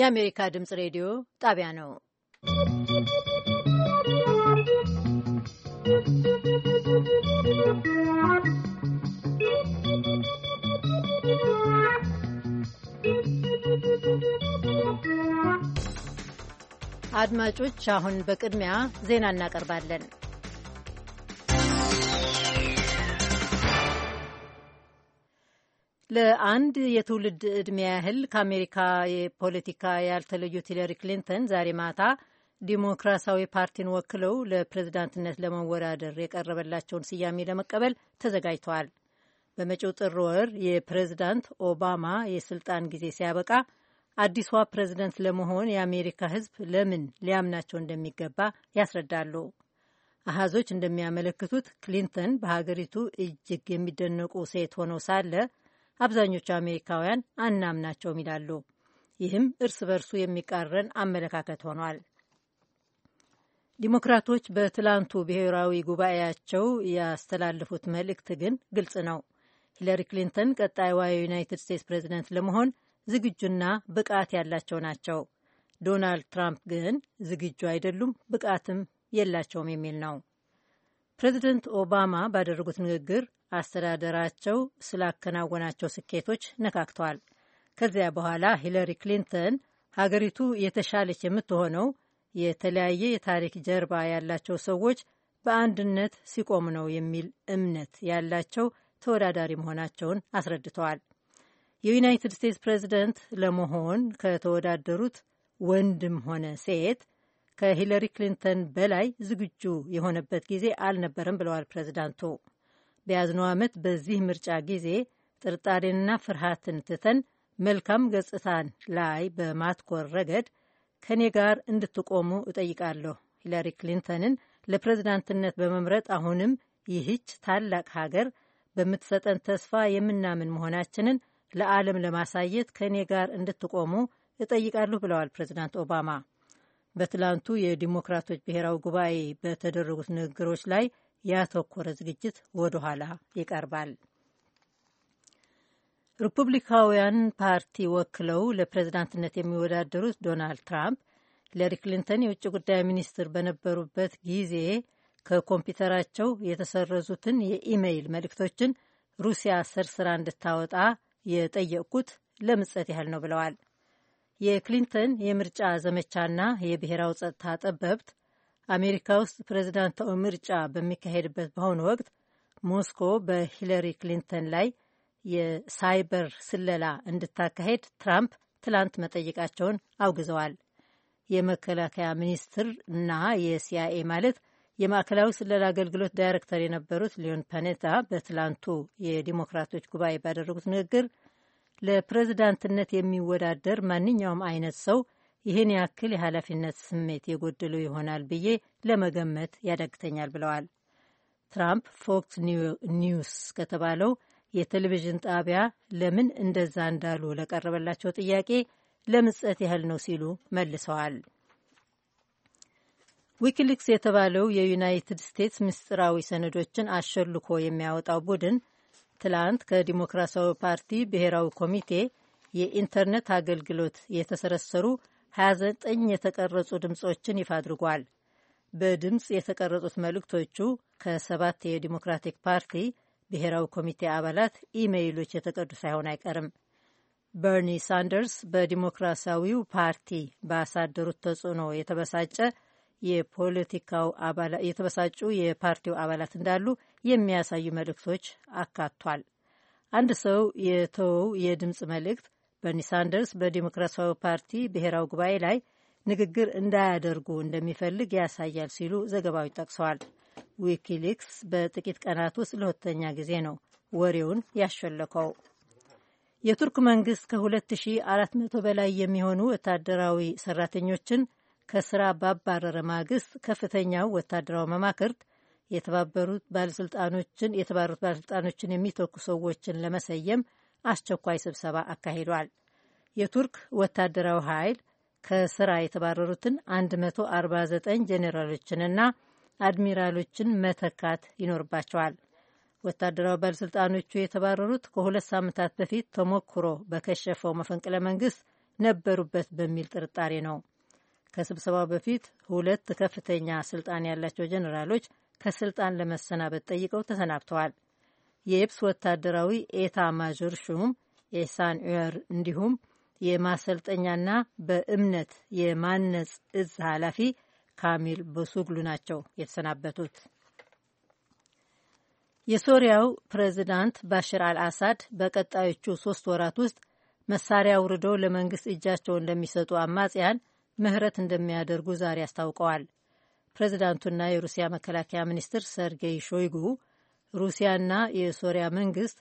የአሜሪካ ድምፅ ሬዲዮ ጣቢያ ነው። አድማጮች፣ አሁን በቅድሚያ ዜና እናቀርባለን። ለአንድ የትውልድ ዕድሜ ያህል ከአሜሪካ የፖለቲካ ያልተለዩት ሂለሪ ክሊንተን ዛሬ ማታ ዲሞክራሲያዊ ፓርቲን ወክለው ለፕሬዝዳንትነት ለመወዳደር የቀረበላቸውን ስያሜ ለመቀበል ተዘጋጅተዋል። በመጪው ጥር ወር የፕሬዝዳንት ኦባማ የስልጣን ጊዜ ሲያበቃ አዲሷ ፕሬዝደንት ለመሆን የአሜሪካ ሕዝብ ለምን ሊያምናቸው እንደሚገባ ያስረዳሉ። አሃዞች እንደሚያመለክቱት ክሊንተን በሀገሪቱ እጅግ የሚደነቁ ሴት ሆነው ሳለ አብዛኞቹ አሜሪካውያን አናምናቸውም ይላሉ። ይህም እርስ በርሱ የሚቃረን አመለካከት ሆኗል። ዲሞክራቶች በትላንቱ ብሔራዊ ጉባኤያቸው ያስተላለፉት መልእክት ግን ግልጽ ነው። ሂለሪ ክሊንተን ቀጣይዋ የዩናይትድ ስቴትስ ፕሬዚደንት ለመሆን ዝግጁና ብቃት ያላቸው ናቸው፣ ዶናልድ ትራምፕ ግን ዝግጁ አይደሉም፣ ብቃትም የላቸውም የሚል ነው። ፕሬዚደንት ኦባማ ባደረጉት ንግግር አስተዳደራቸው ስላከናወናቸው ስኬቶች ነካክተዋል። ከዚያ በኋላ ሂለሪ ክሊንተን ሀገሪቱ የተሻለች የምትሆነው የተለያየ የታሪክ ጀርባ ያላቸው ሰዎች በአንድነት ሲቆሙ ነው የሚል እምነት ያላቸው ተወዳዳሪ መሆናቸውን አስረድተዋል። የዩናይትድ ስቴትስ ፕሬዚደንት ለመሆን ከተወዳደሩት ወንድም ሆነ ሴት ከሂለሪ ክሊንተን በላይ ዝግጁ የሆነበት ጊዜ አልነበረም ብለዋል ፕሬዚዳንቱ። በያዝነው ዓመት በዚህ ምርጫ ጊዜ ጥርጣሬንና ፍርሃትን ትተን መልካም ገጽታን ላይ በማትኮር ረገድ ከእኔ ጋር እንድትቆሙ እጠይቃለሁ። ሂለሪ ክሊንተንን ለፕሬዝዳንትነት በመምረጥ አሁንም ይህች ታላቅ ሀገር በምትሰጠን ተስፋ የምናምን መሆናችንን ለዓለም ለማሳየት ከእኔ ጋር እንድትቆሙ እጠይቃለሁ ብለዋል ፕሬዝዳንት ኦባማ። በትላንቱ የዲሞክራቶች ብሔራዊ ጉባኤ በተደረጉት ንግግሮች ላይ ያተኮረ ዝግጅት ወደ ኋላ ይቀርባል። ሪፑብሊካውያን ፓርቲ ወክለው ለፕሬዝዳንትነት የሚወዳደሩት ዶናልድ ትራምፕ ሂለሪ ክሊንተን የውጭ ጉዳይ ሚኒስትር በነበሩበት ጊዜ ከኮምፒውተራቸው የተሰረዙትን የኢሜይል መልእክቶችን ሩሲያ ስርስራ እንድታወጣ የጠየቅኩት ለምጸት ያህል ነው ብለዋል። የክሊንተን የምርጫ ዘመቻና የብሔራዊ ጸጥታ ጠበብት አሜሪካ ውስጥ ፕሬዚዳንታዊ ምርጫ በሚካሄድበት በአሁኑ ወቅት ሞስኮ በሂለሪ ክሊንተን ላይ የሳይበር ስለላ እንድታካሄድ ትራምፕ ትላንት መጠየቃቸውን አውግዘዋል። የመከላከያ ሚኒስትር እና የሲአይኤ ማለት የማዕከላዊ ስለላ አገልግሎት ዳይሬክተር የነበሩት ሊዮን ፓኔታ በትላንቱ የዲሞክራቶች ጉባኤ ባደረጉት ንግግር ለፕሬዝዳንትነት የሚወዳደር ማንኛውም አይነት ሰው ይህን ያክል የኃላፊነት ስሜት የጎደለው ይሆናል ብዬ ለመገመት ያዳግተኛል ብለዋል። ትራምፕ ፎክስ ኒውስ ከተባለው የቴሌቪዥን ጣቢያ ለምን እንደዛ እንዳሉ ለቀረበላቸው ጥያቄ ለምጸት ያህል ነው ሲሉ መልሰዋል። ዊኪሊክስ የተባለው የዩናይትድ ስቴትስ ምስጢራዊ ሰነዶችን አሸልኮ የሚያወጣው ቡድን ትላንት ከዲሞክራሲያዊ ፓርቲ ብሔራዊ ኮሚቴ የኢንተርኔት አገልግሎት የተሰረሰሩ 29 የተቀረጹ ድምፆችን ይፋ አድርጓል። በድምፅ የተቀረጹት መልእክቶቹ ከሰባት የዲሞክራቲክ ፓርቲ ብሔራዊ ኮሚቴ አባላት ኢሜይሎች የተቀዱ ሳይሆን አይቀርም። በርኒ ሳንደርስ በዲሞክራሲያዊው ፓርቲ ባሳደሩት ተጽዕኖ የተበሳጨ የፖለቲካው አባላት የተበሳጩ የፓርቲው አባላት እንዳሉ የሚያሳዩ መልእክቶች አካቷል። አንድ ሰው የተወው የድምፅ መልእክት በርኒ ሳንደርስ በዲሞክራሲያዊ ፓርቲ ብሔራዊ ጉባኤ ላይ ንግግር እንዳያደርጉ እንደሚፈልግ ያሳያል ሲሉ ዘገባዎች ጠቅሰዋል። ዊኪሊክስ በጥቂት ቀናት ውስጥ ለሁለተኛ ጊዜ ነው ወሬውን ያሸለከው። የቱርክ መንግስት ከ2400 በላይ የሚሆኑ ወታደራዊ ሰራተኞችን ከስራ ባባረረ ማግስት ከፍተኛው ወታደራዊ መማክርት የተባበሩት ባለስልጣኖችን የተባረሩት ባለስልጣኖችን የሚተኩ ሰዎችን ለመሰየም አስቸኳይ ስብሰባ አካሂዷል። የቱርክ ወታደራዊ ኃይል ከስራ የተባረሩትን 149 ጄኔራሎችንና አድሚራሎችን መተካት ይኖርባቸዋል። ወታደራዊ ባለሥልጣኖቹ የተባረሩት ከሁለት ሳምንታት በፊት ተሞክሮ በከሸፈው መፈንቅለ መንግስት ነበሩበት በሚል ጥርጣሬ ነው። ከስብሰባው በፊት ሁለት ከፍተኛ ስልጣን ያላቸው ጀኔራሎች ከስልጣን ለመሰናበት ጠይቀው ተሰናብተዋል። የየብስ ወታደራዊ ኤታ ማዦር ሹም ኤሳን ዑር እንዲሁም የማሰልጠኛና በእምነት የማነጽ እዝ ኃላፊ ካሚል በሱግሉ ናቸው የተሰናበቱት። የሶሪያው ፕሬዚዳንት ባሽር አልአሳድ በቀጣዮቹ ሶስት ወራት ውስጥ መሳሪያ አውርደው ለመንግስት እጃቸውን እንደሚሰጡ አማጽያን ምህረት እንደሚያደርጉ ዛሬ አስታውቀዋል። ፕሬዚዳንቱና የሩሲያ መከላከያ ሚኒስትር ሰርጌይ ሾይጉ ሩሲያና የሶሪያ መንግስት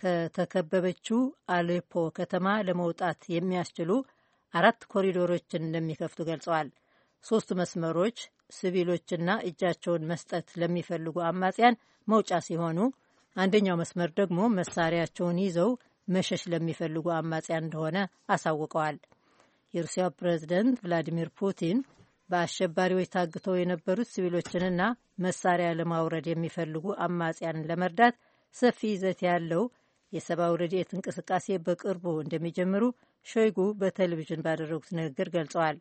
ከተከበበችው አሌፖ ከተማ ለመውጣት የሚያስችሉ አራት ኮሪዶሮችን እንደሚከፍቱ ገልጸዋል። ሶስቱ መስመሮች ሲቪሎችና እጃቸውን መስጠት ለሚፈልጉ አማጽያን መውጫ ሲሆኑ፣ አንደኛው መስመር ደግሞ መሳሪያቸውን ይዘው መሸሽ ለሚፈልጉ አማጽያን እንደሆነ አሳውቀዋል። የሩሲያ ፕሬዝደንት ቭላዲሚር ፑቲን በአሸባሪዎች ታግተው የነበሩት ሲቪሎችንና መሳሪያ ለማውረድ የሚፈልጉ አማጽያንን ለመርዳት ሰፊ ይዘት ያለው የሰብአዊ ረድኤት እንቅስቃሴ በቅርቡ እንደሚጀምሩ ሾይጉ በቴሌቪዥን ባደረጉት ንግግር ገልጸዋል።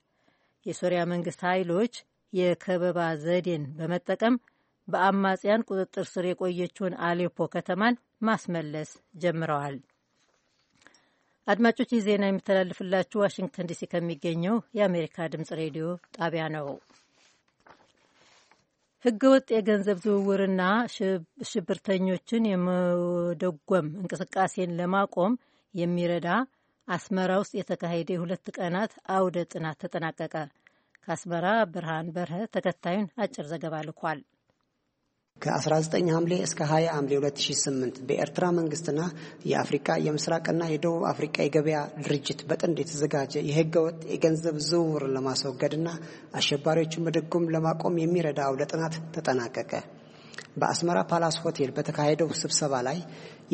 የሶሪያ መንግስት ኃይሎች የከበባ ዘዴን በመጠቀም በአማጽያን ቁጥጥር ስር የቆየችውን አሌፖ ከተማን ማስመለስ ጀምረዋል። አድማጮች ይህ ዜና የሚተላልፍላችሁ ዋሽንግተን ዲሲ ከሚገኘው የአሜሪካ ድምጽ ሬዲዮ ጣቢያ ነው። ህገወጥ የገንዘብ ዝውውርና ሽብርተኞችን የመደጎም እንቅስቃሴን ለማቆም የሚረዳ አስመራ ውስጥ የተካሄደ የሁለት ቀናት አውደ ጥናት ተጠናቀቀ። ከአስመራ ብርሃን በርሀ ተከታዩን አጭር ዘገባ ልኳል። ከ19 ሐምሌ እስከ 20 ሐምሌ 2008 በኤርትራ መንግስትና የአፍሪካ የምስራቅና የደቡብ አፍሪካ የገበያ ድርጅት በጥንድ የተዘጋጀ የህገወጥ የገንዘብ ዝውውርን ለማስወገድና አሸባሪዎችን መደጎም ለማቆም የሚረዳ አውደ ጥናት ተጠናቀቀ። በአስመራ ፓላስ ሆቴል በተካሄደው ስብሰባ ላይ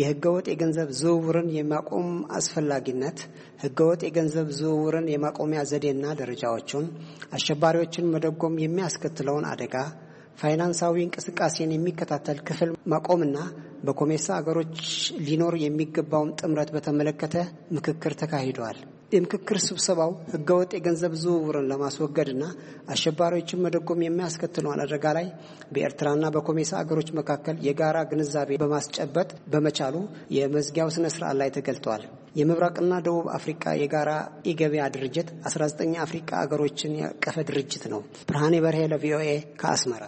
የህገወጥ የገንዘብ ዝውውርን የማቆም አስፈላጊነት፣ ህገወጥ የገንዘብ ዝውውርን የማቆሚያ ዘዴና ደረጃዎቹን፣ አሸባሪዎችን መደጎም የሚያስከትለውን አደጋ ፋይናንሳዊ እንቅስቃሴን የሚከታተል ክፍል ማቆምና በኮሜሳ አገሮች ሊኖር የሚገባውን ጥምረት በተመለከተ ምክክር ተካሂደዋል። የምክክር ስብሰባው ህገወጥ የገንዘብ ዝውውርን ለማስወገድና አሸባሪዎችን መደጎም የሚያስከትለውን አደጋ ላይ በኤርትራና በኮሜሳ አገሮች መካከል የጋራ ግንዛቤ በማስጨበጥ በመቻሉ የመዝጊያው ስነ ስርዓት ላይ ተገልጠዋል። የምብራቅና ደቡብ አፍሪካ የጋራ የገበያ ድርጅት 19 አፍሪካ አገሮችን ያቀፈ ድርጅት ነው። ብርሃኔ በርሄ ለቪኦኤ ከአስመራ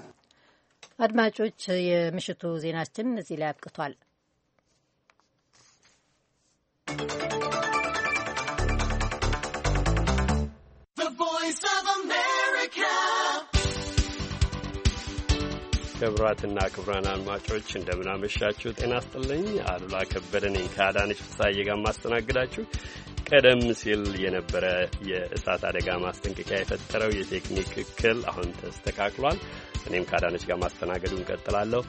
አድማጮች የምሽቱ ዜናችን እዚህ ላይ አብቅቷል። ክቡራትና ክቡራን አድማጮች እንደምናመሻችሁ፣ ጤና ስጥልኝ። አሉላ ከበደ ነኝ ከአዳነች ፍስሐዬ ጋር ማስተናግዳችሁ። ቀደም ሲል የነበረ የእሳት አደጋ ማስጠንቀቂያ የፈጠረው የቴክኒክ እክል አሁን ተስተካክሏል። እኔም ከአዳነች ጋር ማስተናገዱን እንቀጥላለሁ።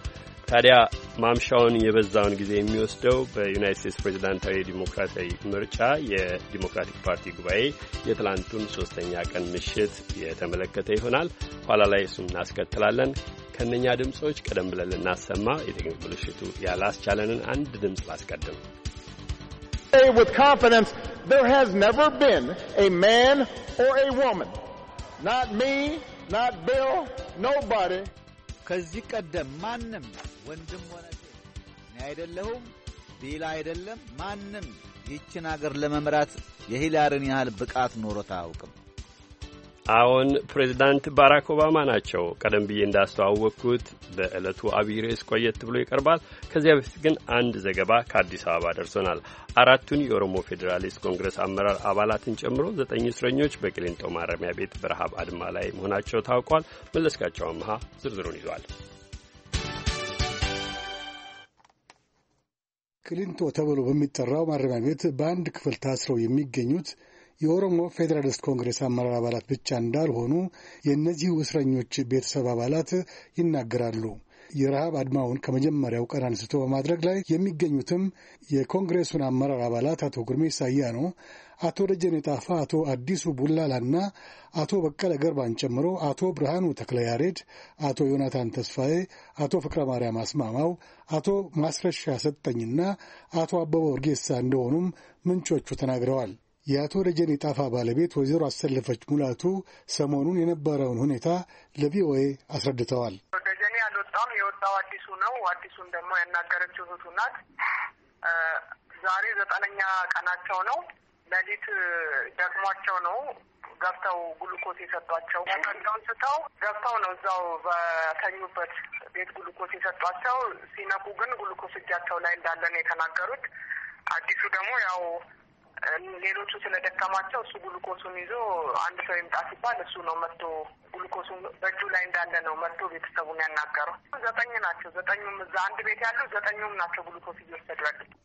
ታዲያ ማምሻውን የበዛውን ጊዜ የሚወስደው በዩናይት ስቴትስ ፕሬዚዳንታዊ ዲሞክራሲያዊ ምርጫ የዲሞክራቲክ ፓርቲ ጉባኤ የትላንቱን ሶስተኛ ቀን ምሽት የተመለከተ ይሆናል። ኋላ ላይ እሱም እናስከትላለን። ከእነኛ ድምፆች ቀደም ብለን ልናሰማ የቴክኒክ ብልሽቱ ያላስቻለንን አንድ ድምፅ ላስቀድም። With confidence, there has never been a man or a woman, not me, not Bill, nobody. ከዚህ ቀደም ማንም ወንድም ሆነ እኔ አይደለሁም ቢል አይደለም ማንም ይችን አገር ለመምራት የሂላርን ያህል ብቃት ኖሮት አያውቅም። አዎን፣ ፕሬዚዳንት ባራክ ኦባማ ናቸው። ቀደም ብዬ እንዳስተዋወቅኩት በዕለቱ አብይ ርዕስ ቆየት ብሎ ይቀርባል። ከዚያ በፊት ግን አንድ ዘገባ ከአዲስ አበባ ደርሶናል። አራቱን የኦሮሞ ፌዴራሊስት ኮንግረስ አመራር አባላትን ጨምሮ ዘጠኝ እስረኞች በቅሊንጦ ማረሚያ ቤት በረሃብ አድማ ላይ መሆናቸው ታውቋል። መለስካቸው አምሃ ዝርዝሩን ይዟል። ቅሊንጦ ተብሎ በሚጠራው ማረሚያ ቤት በአንድ ክፍል ታስረው የሚገኙት የኦሮሞ ፌዴራሊስት ኮንግሬስ አመራር አባላት ብቻ እንዳልሆኑ የእነዚሁ እስረኞች ቤተሰብ አባላት ይናገራሉ። የረሃብ አድማውን ከመጀመሪያው ቀን አንስቶ በማድረግ ላይ የሚገኙትም የኮንግሬሱን አመራር አባላት አቶ ጉርሜሳ አያኖ፣ አቶ ደጀኔ ጣፋ፣ አቶ አዲሱ ቡላላና አቶ በቀለ ገርባን ጨምሮ አቶ ብርሃኑ ተክለ ያሬድ፣ አቶ ዮናታን ተስፋዬ፣ አቶ ፍቅረ ማርያም አስማማው፣ አቶ ማስረሻ ሰጠኝና አቶ አበበ ወርጌሳ እንደሆኑም ምንጮቹ ተናግረዋል። የአቶ ደጀኔ ጣፋ ባለቤት ወይዘሮ አሰለፈች ሙላቱ ሰሞኑን የነበረውን ሁኔታ ለቪኦኤ አስረድተዋል። ደጀኔ አልወጣም፣ የወጣው አዲሱ ነው። አዲሱን ደግሞ ያናገረችው እህቱ ናት። ዛሬ ዘጠነኛ ቀናቸው ነው። ሌሊት ደግሟቸው ነው ገብተው ግሉኮስ የሰጧቸው ቀንዳውን ስተው ገብተው ነው እዛው በተኙበት ቤት ግሉኮስ የሰጧቸው። ሲነቁ ግን ግሉኮስ እጃቸው ላይ እንዳለ ነው የተናገሩት። አዲሱ ደግሞ ያው ሌሎቹ ስለደከማቸው እሱ ጉልኮሱን ይዞ አንድ ሰው ይምጣ ሲባል እሱ ነው መጥቶ ጉልኮሱን በእጁ ላይ እንዳለ ነው መጥቶ ቤተሰቡን ያናገረው። ዘጠኝ ናቸው። ዘጠኙም እዛ አንድ ቤት ያሉ ዘጠኙም ናቸው ጉልኮስ እየወሰዱ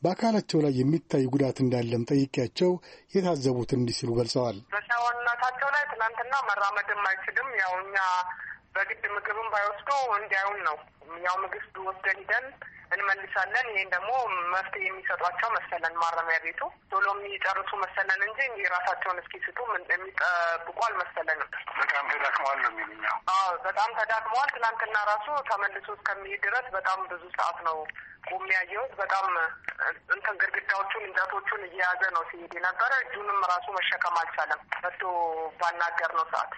በአካላቸው ላይ የሚታይ ጉዳት እንዳለም ጠይቄያቸው የታዘቡት እንዲህ ሲሉ ገልጸዋል። በሰውነታቸው ላይ ትናንትና መራመድም አይችልም። ያው እኛ በግድ ምግብም ባይወስዱ እንዲያዩን ነው ያው ምግስ ወስደን ሂደን እንመልሳለን። ይህን ደግሞ መፍትሄ የሚሰጧቸው መሰለን ማረሚያ ቤቱ ቶሎ የሚጨርሱ መሰለን እንጂ ራሳቸውን ስጡ የሚጠብቁ አልመሰለንም። በጣም ተዳክመዋል ነው የሚሉኛው። አዎ በጣም ተዳክመዋል። ትናንትና ራሱ ተመልሶ እስከሚሄድ ድረስ በጣም ብዙ ሰዓት ነው ቆሜ ያየሁት። በጣም እንትን ግድግዳዎቹን እንጨቶቹን እየያዘ ነው ሲሄድ የነበረ። እጁንም ራሱ መሸከም አልቻለም። መቶ ባናገር ነው ሰዓት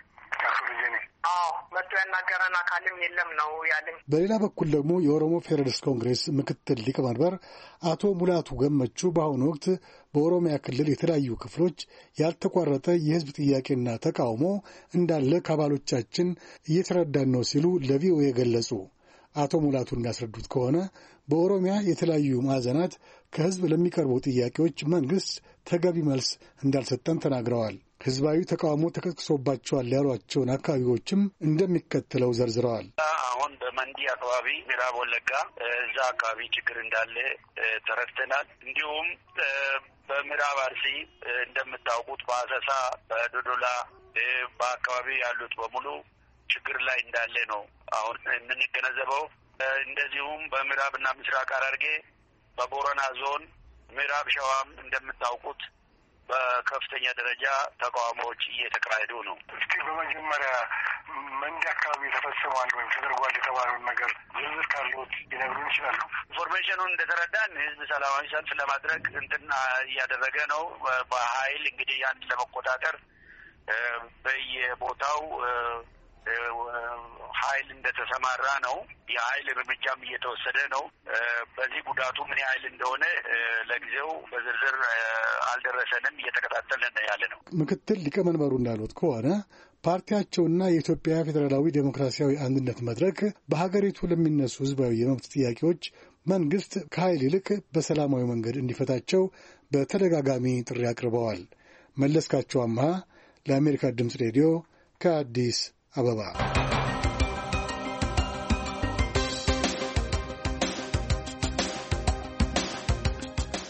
አዎ መቶ ያናገረን አካልም የለም ነው ያለኝ። በሌላ በኩል ደግሞ የኦሮሞ ፌዴራሊስት ኮንግሬስ ምክትል ሊቀመንበር አቶ ሙላቱ ገመቹ በአሁኑ ወቅት በኦሮሚያ ክልል የተለያዩ ክፍሎች ያልተቋረጠ የህዝብ ጥያቄና ተቃውሞ እንዳለ ከአባሎቻችን እየተረዳን ነው ሲሉ ለቪኦኤ ገለጹ። አቶ ሙላቱ እንዳስረዱት ከሆነ በኦሮሚያ የተለያዩ ማዕዘናት ከህዝብ ለሚቀርቡ ጥያቄዎች መንግሥት ተገቢ መልስ እንዳልሰጠን ተናግረዋል። ህዝባዊ ተቃውሞ ተቀስቅሶባቸዋል ያሏቸውን አካባቢዎችም እንደሚከተለው ዘርዝረዋል። አሁን በመንዲ አካባቢ ምዕራብ ወለጋ እዛ አካባቢ ችግር እንዳለ ተረድተናል። እንዲሁም በምዕራብ አርሲ እንደምታውቁት በአሰሳ በዶዶላ በአካባቢ ያሉት በሙሉ ችግር ላይ እንዳለ ነው አሁን የምንገነዘበው። እንደዚሁም በምዕራብና ምስራቅ ሐረርጌ በቦረና ዞን ምዕራብ ሸዋም እንደምታውቁት በከፍተኛ ደረጃ ተቃውሞዎች እየተካሄዱ ነው። እስቲ በመጀመሪያ መንዲ አካባቢ ተፈጽሟል ወይም ተደርጓል የተባለውን ነገር ዝርዝር ካሉት ሊነግሩን ይችላሉ? ኢንፎርሜሽኑን እንደተረዳን ህዝብ ሰላማዊ ሰልፍ ለማድረግ እንትን እያደረገ ነው። በሀይል እንግዲህ አንድ ለመቆጣጠር በየቦታው ኃይል እንደተሰማራ ነው። የኃይል እርምጃም እየተወሰደ ነው። በዚህ ጉዳቱ ምን ያህል እንደሆነ ለጊዜው በዝርዝር አልደረሰንም፣ እየተከታተልን ያለ ነው። ምክትል ሊቀመንበሩ እንዳሉት ከሆነ ፓርቲያቸውና የኢትዮጵያ ፌዴራላዊ ዴሞክራሲያዊ አንድነት መድረክ በሀገሪቱ ለሚነሱ ህዝባዊ የመብት ጥያቄዎች መንግስት ከኃይል ይልቅ በሰላማዊ መንገድ እንዲፈታቸው በተደጋጋሚ ጥሪ አቅርበዋል። መለስካቸው አምሃ ለአሜሪካ ድምፅ ሬዲዮ ከአዲስ Apa,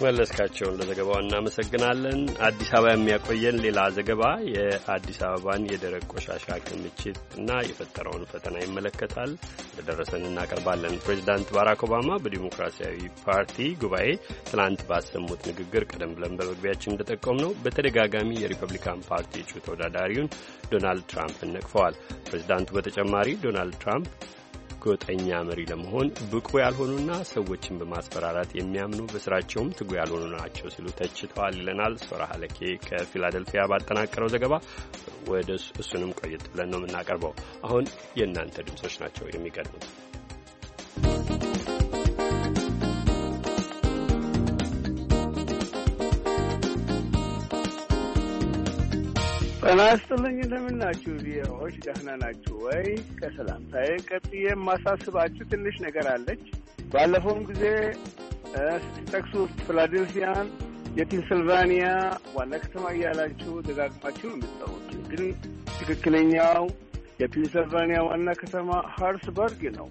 መለስካቸውን ለዘገባው እናመሰግናለን። አዲስ አበባ የሚያቆየን ሌላ ዘገባ የአዲስ አበባን የደረቅ ቆሻሻ ክምችት እና የፈጠረውን ፈተና ይመለከታል። እንደደረሰን እናቀርባለን። ፕሬዚዳንት ባራክ ኦባማ በዲሞክራሲያዊ ፓርቲ ጉባኤ ትናንት ባሰሙት ንግግር ቀደም ብለን በመግቢያችን እንደጠቆም ነው በተደጋጋሚ የሪፐብሊካን ፓርቲ እጩ ተወዳዳሪውን ዶናልድ ትራምፕን ነቅፈዋል። ፕሬዚዳንቱ በተጨማሪ ዶናልድ ትራምፕ ጎጠኛ መሪ ለመሆን ብቁ ያልሆኑና ሰዎችን በማስፈራራት የሚያምኑ በስራቸውም ትጉ ያልሆኑ ናቸው ሲሉ ተችተዋል ይለናል ሶራ ሀለኬ ከፊላደልፊያ ባጠናቀረው ዘገባ። ወደ እሱንም ቆየት ብለን ነው የምናቀርበው። አሁን የእናንተ ድምጾች ናቸው የሚቀድሙት። ጤና ይስጥልኝ። እንደምን ናችሁ ቪዎች? ደህና ናችሁ ወይ? ከሰላምታዬ ቀጥዬ የማሳስባችሁ ትንሽ ነገር አለች። ባለፈውም ጊዜ ስትጠቅሱ ፊላዴልፊያን የፔንስልቫኒያ ዋና ከተማ እያላችሁ ደጋግማችሁ ነው የምታወቁ፣ ግን ትክክለኛው የፔንስልቫኒያ ዋና ከተማ ሃርስበርግ ነው።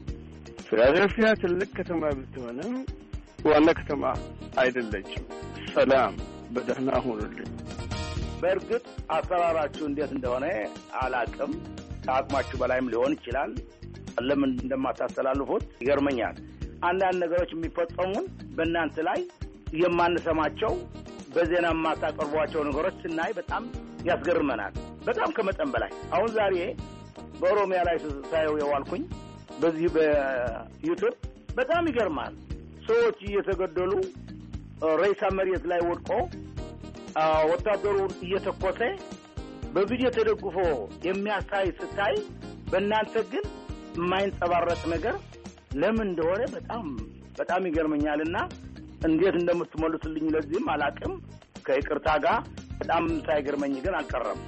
ፊላዴልፊያ ትልቅ ከተማ ብትሆንም ዋና ከተማ አይደለችም። ሰላም፣ በደህና ሁኑልኝ። በእርግጥ አሰራራችሁ እንዴት እንደሆነ አላቅም። ከአቅማችሁ በላይም ሊሆን ይችላል። ለምን እንደማታስተላልፉት ይገርመኛል። አንዳንድ ነገሮች የሚፈጸሙን በእናንተ ላይ የማንሰማቸው በዜና የማታቀርቧቸው ነገሮች ስናይ በጣም ያስገርመናል። በጣም ከመጠን በላይ አሁን ዛሬ በኦሮሚያ ላይ ሳየው የዋልኩኝ በዚህ በዩቱብ በጣም ይገርማል። ሰዎች እየተገደሉ ሬሳ መሬት ላይ ወድቆ ወታደሩ እየተኮሰ በቪዲዮ ተደግፎ የሚያሳይ ስታይ በእናንተ ግን የማይንጸባረቅ ነገር ለምን እንደሆነ በጣም በጣም ይገርመኛል እና እንዴት እንደምትመልሱልኝ ለዚህም አላቅም። ከይቅርታ ጋር በጣም ሳይገርመኝ ግን አልቀረም።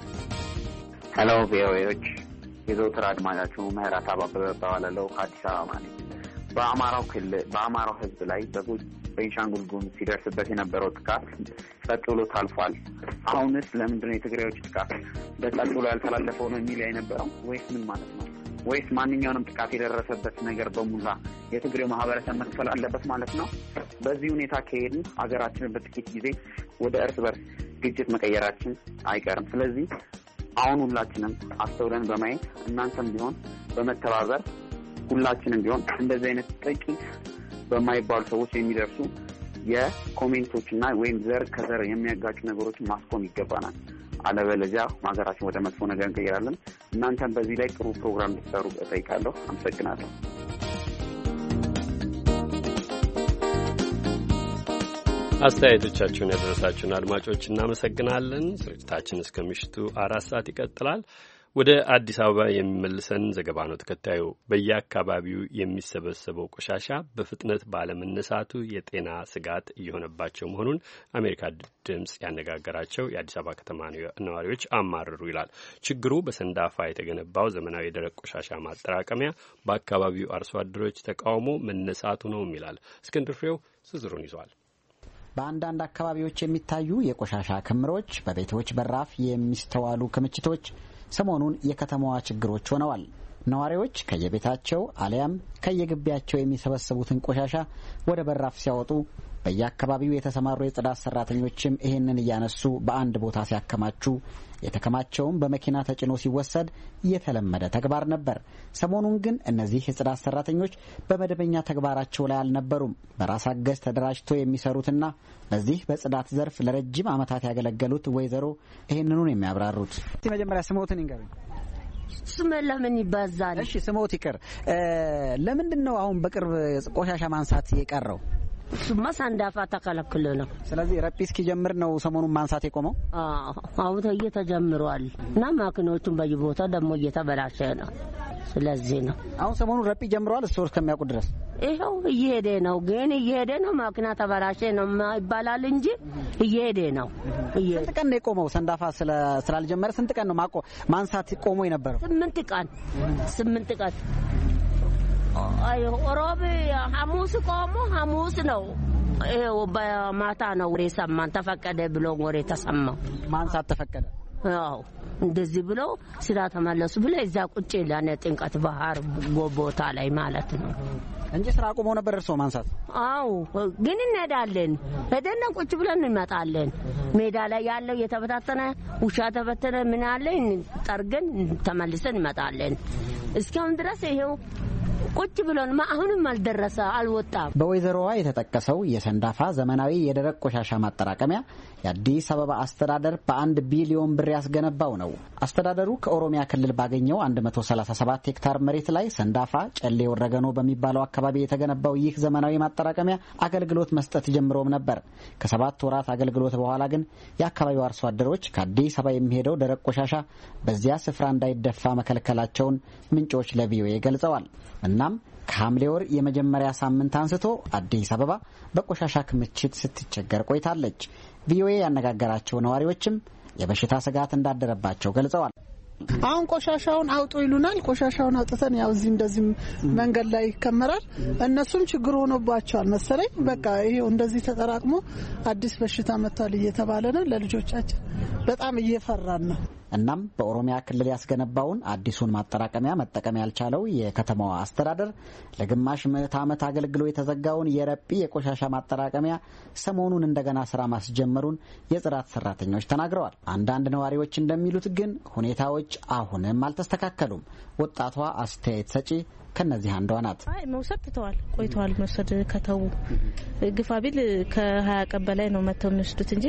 ሄሎ ቪኦኤዎች፣ የዘውትር አድማጫችሁ ምህረት አባበ እባላለሁ ከአዲስ አበባ ማለት በአማራው ክልል በአማራው ህዝብ ላይ በጎ ቤንሻንጉል ጉሙዝ ሲደርስበት የነበረው ጥቃት ጸጥ ብሎ ታልፏል። አሁንስ ለምንድነው የትግራዮች ጥቃት በጸጥ ብሎ ያልተላለፈው ነው የሚል የነበረው ወይስ ምን ማለት ነው? ወይስ ማንኛውንም ጥቃት የደረሰበት ነገር በሙላ የትግሬው ማህበረሰብ መክፈል አለበት ማለት ነው? በዚህ ሁኔታ ከሄድን ሀገራችንን በጥቂት ጊዜ ወደ እርስ በርስ ግጭት መቀየራችን አይቀርም። ስለዚህ አሁን ሁላችንም አስተውለን በማየት እናንተም ቢሆን በመተባበር ሁላችንም ቢሆን እንደዚህ አይነት ጥቂት በማይባሉ ሰዎች የሚደርሱ የኮሜንቶችና ወይም ዘር ከዘር የሚያጋጩ ነገሮችን ማስቆም ይገባናል። አለበለዚያ ሀገራችን ወደ መጥፎ ነገር እንቀይራለን። እናንተም በዚህ ላይ ጥሩ ፕሮግራም እንድትሰሩ እጠይቃለሁ። አመሰግናለሁ። አስተያየቶቻችሁን ያደረሳችሁን አድማጮች እናመሰግናለን። ስርጭታችን እስከ ምሽቱ አራት ሰዓት ይቀጥላል። ወደ አዲስ አበባ የሚመልሰን ዘገባ ነው ተከታዩ። በየአካባቢው የሚሰበሰበው ቆሻሻ በፍጥነት ባለመነሳቱ የጤና ስጋት እየሆነባቸው መሆኑን አሜሪካ ድምፅ ያነጋገራቸው የአዲስ አበባ ከተማ ነዋሪዎች አማርሩ ይላል። ችግሩ በሰንዳፋ የተገነባው ዘመናዊ የደረቅ ቆሻሻ ማጠራቀሚያ በአካባቢው አርሶ አደሮች ተቃውሞ መነሳቱ ነውም ይላል። እስክንድር ፍሬው ዝርዝሩን ይዟል። በአንዳንድ አካባቢዎች የሚታዩ የቆሻሻ ክምሮች፣ በቤቶች በራፍ የሚስተዋሉ ክምችቶች ሰሞኑን የከተማዋ ችግሮች ሆነዋል። ነዋሪዎች ከየቤታቸው አሊያም ከየግቢያቸው የሚሰበሰቡትን ቆሻሻ ወደ በራፍ ሲያወጡ በየአካባቢው የተሰማሩ የጽዳት ሰራተኞችም ይህንን እያነሱ በአንድ ቦታ ሲያከማቹ የተከማቸውም በመኪና ተጭኖ ሲወሰድ የተለመደ ተግባር ነበር። ሰሞኑን ግን እነዚህ የጽዳት ሰራተኞች በመደበኛ ተግባራቸው ላይ አልነበሩም። በራስ አገዝ ተደራጅቶ የሚሰሩትና በዚህ በጽዳት ዘርፍ ለረጅም ዓመታት ያገለገሉት ወይዘሮ ይህንኑን የሚያብራሩት መጀመሪያ ስሞትን ይንገሩኝ። ስም ለምን ይባዛል? እሺ ስሞት ይቅር። ለምንድን ነው አሁን በቅርብ ቆሻሻ ማንሳት የቀረው? እሱማ ሳንዳፋ ተከለክሎ ነው። ስለዚህ ረጲ እስኪጀምር ነው ሰሞኑን ማንሳት የቆመው። አሁን እየተጀምሯል እና ማኪኖቹን በየቦታ ደግሞ እየተበላሸ ነው። ስለዚህ ነው አሁን ሰሞኑን ረጲ ጀምረዋል። እሱ እስከሚያውቁ ድረስ ይኸው እየሄደ ነው። ግን እየሄደ ነው። ማኪና ተበላሸ ነው ይባላል እንጂ እየሄደ ነው። ስንት ቀን ነው የቆመው? ሰንዳፋ ስላልጀመረ ስንት ቀን ነው ማንሳት ቆሞ የነበረው? ስምንት ቀን ስምንት ቀን ሮብ ሐሙስ ቆሞ ሐሙስ ነው። ይኸው በማታ ነው ወሬ ሰማን። ተፈቀደ ብሎ ወሬ ተሰማው። ማንሳት ተፈቀደ። አዎ እንደዚህ ብለው ተመለሱ ብለ እዛ ቁጭ ላነ ጥንቀት ባህር ቦታ ላይ ማለት ነው እንጂ ስራ አቁመው ነበር። እርሶ ማንሳት? አዎ ግን እንሄዳለን። ሄደን ቁጭ ብለን እንመጣለን። ሜዳ ላይ ያለው የተበታተነ ውሻ ተበተነ ምን አለ ጠርገን ተመልሰን እንመጣለን። እስካሁን ድረስ ይሄው ቁጭ ብሎን አሁንም አልደረሰ አልወጣም። በወይዘሮዋ የተጠቀሰው የሰንዳፋ ዘመናዊ የደረቅ ቆሻሻ ማጠራቀሚያ የአዲስ አበባ አስተዳደር በአንድ ቢሊዮን ብር ያስገነባው ነው። አስተዳደሩ ከኦሮሚያ ክልል ባገኘው 137 ሄክታር መሬት ላይ ሰንዳፋ፣ ጨሌ ወረገኖ በሚባለው አካባቢ የተገነባው ይህ ዘመናዊ ማጠራቀሚያ አገልግሎት መስጠት ጀምሮም ነበር። ከሰባት ወራት አገልግሎት በኋላ ግን የአካባቢው አርሶ አደሮች ከአዲስ አበባ የሚሄደው ደረቅ ቆሻሻ በዚያ ስፍራ እንዳይደፋ መከልከላቸውን ምንጮች ለቪኦኤ ገልጸዋል። እናም ከሐምሌ ወር የመጀመሪያ ሳምንት አንስቶ አዲስ አበባ በቆሻሻ ክምችት ስትቸገር ቆይታለች። ቪኦኤ ያነጋገራቸው ነዋሪዎችም የበሽታ ስጋት እንዳደረባቸው ገልጸዋል። አሁን ቆሻሻውን አውጡ ይሉናል። ቆሻሻውን አውጥተን ያው እዚህ እንደዚህ መንገድ ላይ ይከመራል። እነሱም ችግር ሆኖባቸዋል መሰለኝ። በቃ ይሄው እንደዚህ ተጠራቅሞ አዲስ በሽታ መጥቷል እየተባለ ነው። ለልጆቻችን በጣም እየፈራን ነው። እናም በኦሮሚያ ክልል ያስገነባውን አዲሱን ማጠራቀሚያ መጠቀም ያልቻለው የከተማዋ አስተዳደር ለግማሽ ምዕት ዓመት አገልግሎ የተዘጋውን የረጲ የቆሻሻ ማጠራቀሚያ ሰሞኑን እንደገና ስራ ማስጀመሩን የጽዳት ሰራተኞች ተናግረዋል። አንዳንድ ነዋሪዎች እንደሚሉት ግን ሁኔታዎች አሁንም አልተስተካከሉም። ወጣቷ አስተያየት ሰጪ ከነዚህ አንዷ ናት። አይ መውሰድ ትተዋል፣ ቆይተዋል መውሰድ ከተዉ ግፋ ቢል ከሀያ ቀን በላይ ነው መተው የሚወስዱት እንጂ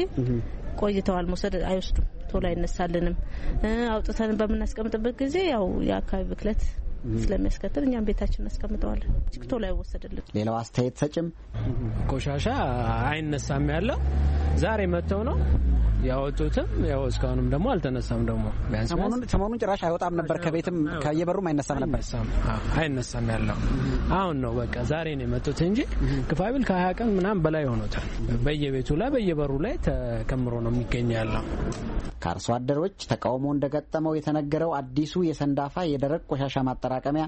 ቆይተዋል መውሰድ አይወስዱም። ቶሎ አይነሳልንም። አውጥተን በምናስቀምጥበት ጊዜ ያው የአካባቢ ብክለት ስለሚያስከትል እኛም ቤታችን እናስቀምጠዋለን። ጅግቶ ላይ ወሰደልን። ሌላው አስተያየት ሰጭም ቆሻሻ አይነሳም ያለው ዛሬ መጥተው ነው ያወጡትም ያው እስካሁንም ደግሞ አልተነሳም። ደግሞ ሰሞኑን ጭራሽ አይወጣም ነበር ከቤትም ከየበሩም አይነሳም ነበር። አይነሳም ያለው አሁን ነው በቃ ዛሬ ነው የመጡት እንጂ ግፋቢል ከሀያ ቀን ምናምን በላይ ሆኖታል። በየቤቱ ላይ በየበሩ ላይ ተከምሮ ነው የሚገኝ ያለው። ከአርሶ አደሮች ተቃውሞ እንደገጠመው የተነገረው አዲሱ የሰንዳፋ የደረቅ ቆሻሻ ማጠራ ማጠራቀሚያ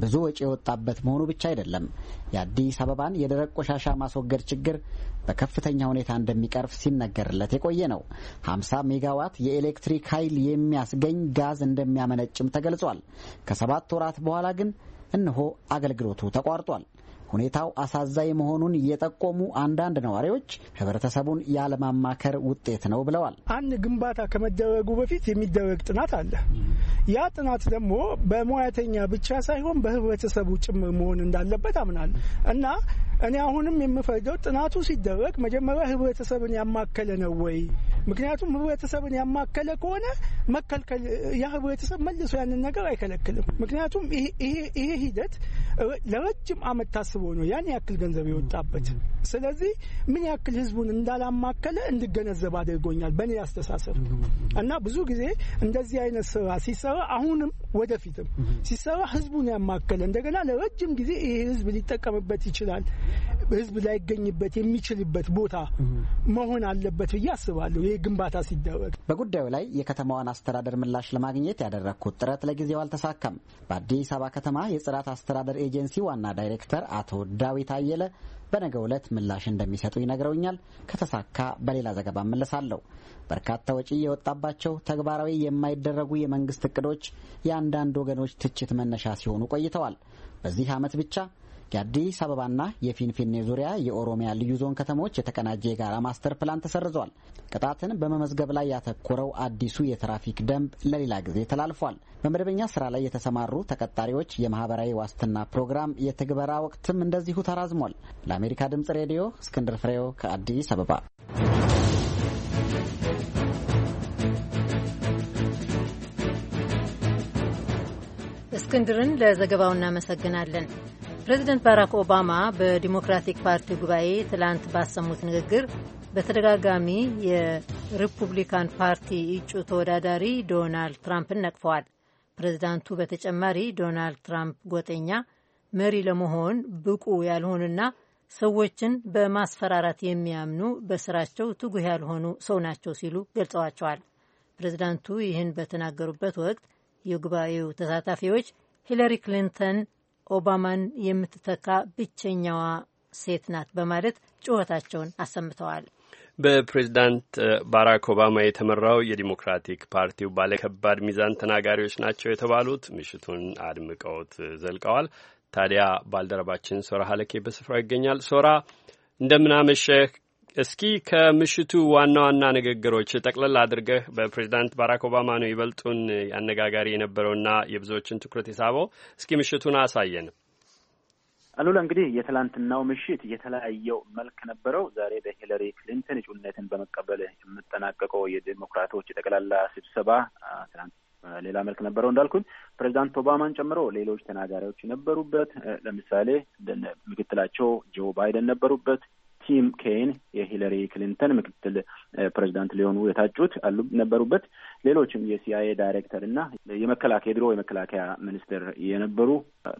ብዙ ወጪ የወጣበት መሆኑ ብቻ አይደለም፣ የአዲስ አበባን የደረቅ ቆሻሻ ማስወገድ ችግር በከፍተኛ ሁኔታ እንደሚቀርፍ ሲነገርለት የቆየ ነው። 50 ሜጋዋት የኤሌክትሪክ ኃይል የሚያስገኝ ጋዝ እንደሚያመነጭም ተገልጿል። ከሰባት ወራት በኋላ ግን እነሆ አገልግሎቱ ተቋርጧል። ሁኔታው አሳዛኝ መሆኑን እየጠቆሙ አንዳንድ ነዋሪዎች ህብረተሰቡን ያለማማከር ውጤት ነው ብለዋል። አንድ ግንባታ ከመደረጉ በፊት የሚደረግ ጥናት አለ። ያ ጥናት ደግሞ በሙያተኛ ብቻ ሳይሆን በህብረተሰቡ ጭምር መሆን እንዳለበት አምናለሁ እና እኔ አሁንም የምፈርደው ጥናቱ ሲደረግ መጀመሪያ ህብረተሰብን ያማከለ ነው ወይ? ምክንያቱም ህብረተሰብን ያማከለ ከሆነ መከልከል ያ ህብረተሰብ መልሶ ያንን ነገር አይከለክልም። ምክንያቱም ይሄ ሂደት ለረጅም አመት ታስቦ ነው ያን ያክል ገንዘብ የወጣበት። ስለዚህ ምን ያክል ህዝቡን እንዳላማከለ እንድገነዘብ አድርጎኛል በእኔ አስተሳሰብ እና ብዙ ጊዜ እንደዚህ አይነት ስራ ሲሰራ አሁንም ወደፊትም ሲሰራ ህዝቡን ያማከለ እንደገና ለረጅም ጊዜ ይሄ ህዝብ ሊጠቀምበት ይችላል ህዝብ ላይገኝበት የሚችልበት ቦታ መሆን አለበት ብዬ አስባለሁ። ይህ ግንባታ ሲደረግ በጉዳዩ ላይ የከተማዋን አስተዳደር ምላሽ ለማግኘት ያደረግኩት ጥረት ለጊዜው አልተሳካም። በአዲስ አበባ ከተማ የጽዳት አስተዳደር ኤጀንሲ ዋና ዳይሬክተር አቶ ዳዊት አየለ በነገ ዕለት ምላሽ እንደሚሰጡ ይነግረውኛል። ከተሳካ በሌላ ዘገባ መለሳለሁ። በርካታ ወጪ የወጣባቸው ተግባራዊ የማይደረጉ የመንግስት እቅዶች የአንዳንድ ወገኖች ትችት መነሻ ሲሆኑ ቆይተዋል። በዚህ ዓመት ብቻ የአዲስ አበባና የፊንፊኔ ዙሪያ የኦሮሚያ ልዩ ዞን ከተሞች የተቀናጀ የጋራ ማስተር ፕላን ተሰርዟል። ቅጣትን በመመዝገብ ላይ ያተኮረው አዲሱ የትራፊክ ደንብ ለሌላ ጊዜ ተላልፏል። በመደበኛ ስራ ላይ የተሰማሩ ተቀጣሪዎች የማህበራዊ ዋስትና ፕሮግራም የትግበራ ወቅትም እንደዚሁ ተራዝሟል። ለአሜሪካ ድምጽ ሬዲዮ እስክንድር ፍሬው ከአዲስ አበባ። እስክንድርን ለዘገባው እናመሰግናለን። ፕሬዚደንት ባራክ ኦባማ በዲሞክራቲክ ፓርቲ ጉባኤ ትላንት ባሰሙት ንግግር በተደጋጋሚ የሪፑብሊካን ፓርቲ እጩ ተወዳዳሪ ዶናልድ ትራምፕን ነቅፈዋል። ፕሬዚዳንቱ በተጨማሪ ዶናልድ ትራምፕ ጎጠኛ መሪ ለመሆን ብቁ ያልሆኑና ሰዎችን በማስፈራራት የሚያምኑ በስራቸው ትጉህ ያልሆኑ ሰው ናቸው ሲሉ ገልጸዋቸዋል። ፕሬዚዳንቱ ይህን በተናገሩበት ወቅት የጉባኤው ተሳታፊዎች ሂለሪ ክሊንተን ኦባማን የምትተካ ብቸኛዋ ሴት ናት በማለት ጩኸታቸውን አሰምተዋል። በፕሬዚዳንት ባራክ ኦባማ የተመራው የዲሞክራቲክ ፓርቲው ባለከባድ ሚዛን ተናጋሪዎች ናቸው የተባሉት ምሽቱን አድምቀውት ዘልቀዋል። ታዲያ ባልደረባችን ሶራ ሀለኬ በስፍራው ይገኛል። ሶራ እንደምናመሸህ እስኪ ከምሽቱ ዋና ዋና ንግግሮች ጠቅለል አድርገህ በፕሬዚዳንት ባራክ ኦባማ ነው ይበልጡን አነጋጋሪ የነበረውና የብዙዎችን ትኩረት የሳበው። እስኪ ምሽቱን አሳየን አሉላ። እንግዲህ የትላንትናው ምሽት የተለያየው መልክ ነበረው። ዛሬ በሂለሪ ክሊንተን እጩነትን በመቀበል የምጠናቀቀው የዴሞክራቶች ጠቅላላ ስብሰባ ትላንት ሌላ መልክ ነበረው እንዳልኩኝ ፕሬዚዳንት ኦባማን ጨምሮ ሌሎች ተናጋሪዎች ነበሩበት። ለምሳሌ ምክትላቸው ጆ ባይደን ነበሩበት። ቲም ኬን የሂለሪ ክሊንተን ምክትል ፕሬዚዳንት ሊሆኑ የታጩት አሉ ነበሩበት። ሌሎችም የሲአይኤ ዳይሬክተር እና የመከላከያ የድሮ የመከላከያ ሚኒስትር የነበሩ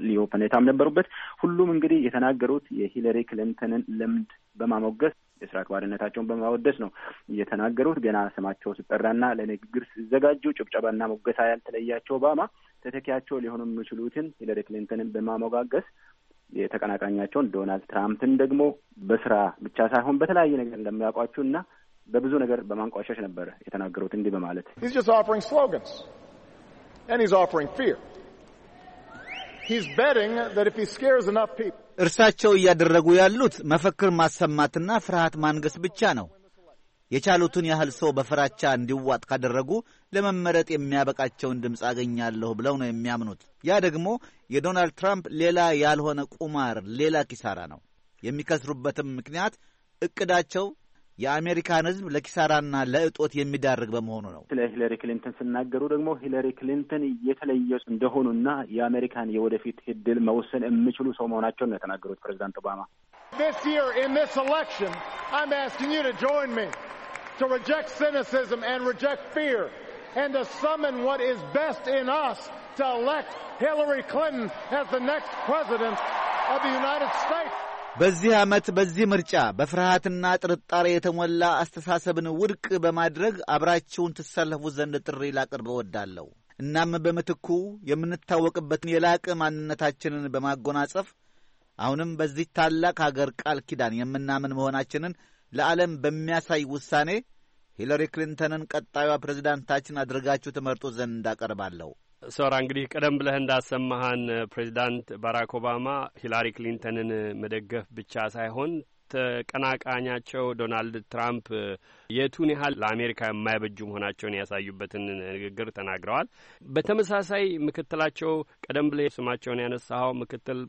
ሊዮ ፓኔታም ነበሩበት። ሁሉም እንግዲህ የተናገሩት የሂለሪ ክሊንተንን ልምድ በማሞገስ የስራ አክባሪነታቸውን በማወደስ ነው የተናገሩት። ገና ስማቸው ሲጠራና ለንግግር ሲዘጋጁ ጭብጨባና ሞገሳ ያልተለያቸው ኦባማ ተተኪያቸው ሊሆኑ የሚችሉትን ሂለሪ ክሊንተንን በማሞጋገስ የተቀናቃኛቸውን ዶናልድ ትራምፕን ደግሞ በስራ ብቻ ሳይሆን በተለያየ ነገር እንደሚያውቋችሁ እና በብዙ ነገር በማንቋሸሽ ነበር የተናገሩት እንዲህ በማለት እርሳቸው እያደረጉ ያሉት መፈክር ማሰማትና ፍርሃት ማንገስ ብቻ ነው። የቻሉትን ያህል ሰው በፍራቻ እንዲዋጥ ካደረጉ ለመመረጥ የሚያበቃቸውን ድምፅ አገኛለሁ ብለው ነው የሚያምኑት። ያ ደግሞ የዶናልድ ትራምፕ ሌላ ያልሆነ ቁማር፣ ሌላ ኪሳራ ነው። የሚከስሩበትም ምክንያት እቅዳቸው የአሜሪካን ሕዝብ ለኪሳራና ለእጦት የሚዳርግ በመሆኑ ነው። ስለ ሂለሪ ክሊንተን ስናገሩ ደግሞ ሂለሪ ክሊንተን የተለየ እንደሆኑና የአሜሪካን የወደፊት ዕድል መውሰን የሚችሉ ሰው መሆናቸውን ነው የተናገሩት ፕሬዚዳንት ኦባማ This year, in this election, I'm asking you to join me to reject cynicism and reject fear and to summon what is best in us to elect Hillary Clinton as the next president of the United States. በዚህ ዓመት በዚህ ምርጫ በፍርሃትና ጥርጣሬ የተሞላ አስተሳሰብን ውድቅ በማድረግ አብራችሁን ትሰለፉ ዘንድ ጥሪ ላቅርብ እወዳለሁ። እናም በምትኩ የምንታወቅበትን የላቀ ማንነታችንን በማጎናጸፍ አሁንም በዚህ ታላቅ ሀገር ቃል ኪዳን የምናምን መሆናችንን ለዓለም በሚያሳይ ውሳኔ ሂለሪ ክሊንተንን ቀጣዩዋ ፕሬዚዳንታችን አድርጋችሁ ትመርጡ ዘንድ እንዳቀርባለሁ። ሶራ እንግዲህ ቀደም ብለህ እንዳሰማሃን ፕሬዚዳንት ባራክ ኦባማ ሂላሪ ክሊንተንን መደገፍ ብቻ ሳይሆን ተቀናቃኛቸው ዶናልድ ትራምፕ የቱን ያህል ለአሜሪካ የማይበጁ መሆናቸውን ያሳዩበትን ንግግር ተናግረዋል። በተመሳሳይ ምክትላቸው ቀደም ብለ ስማቸውን ያነሳኸው ምክትል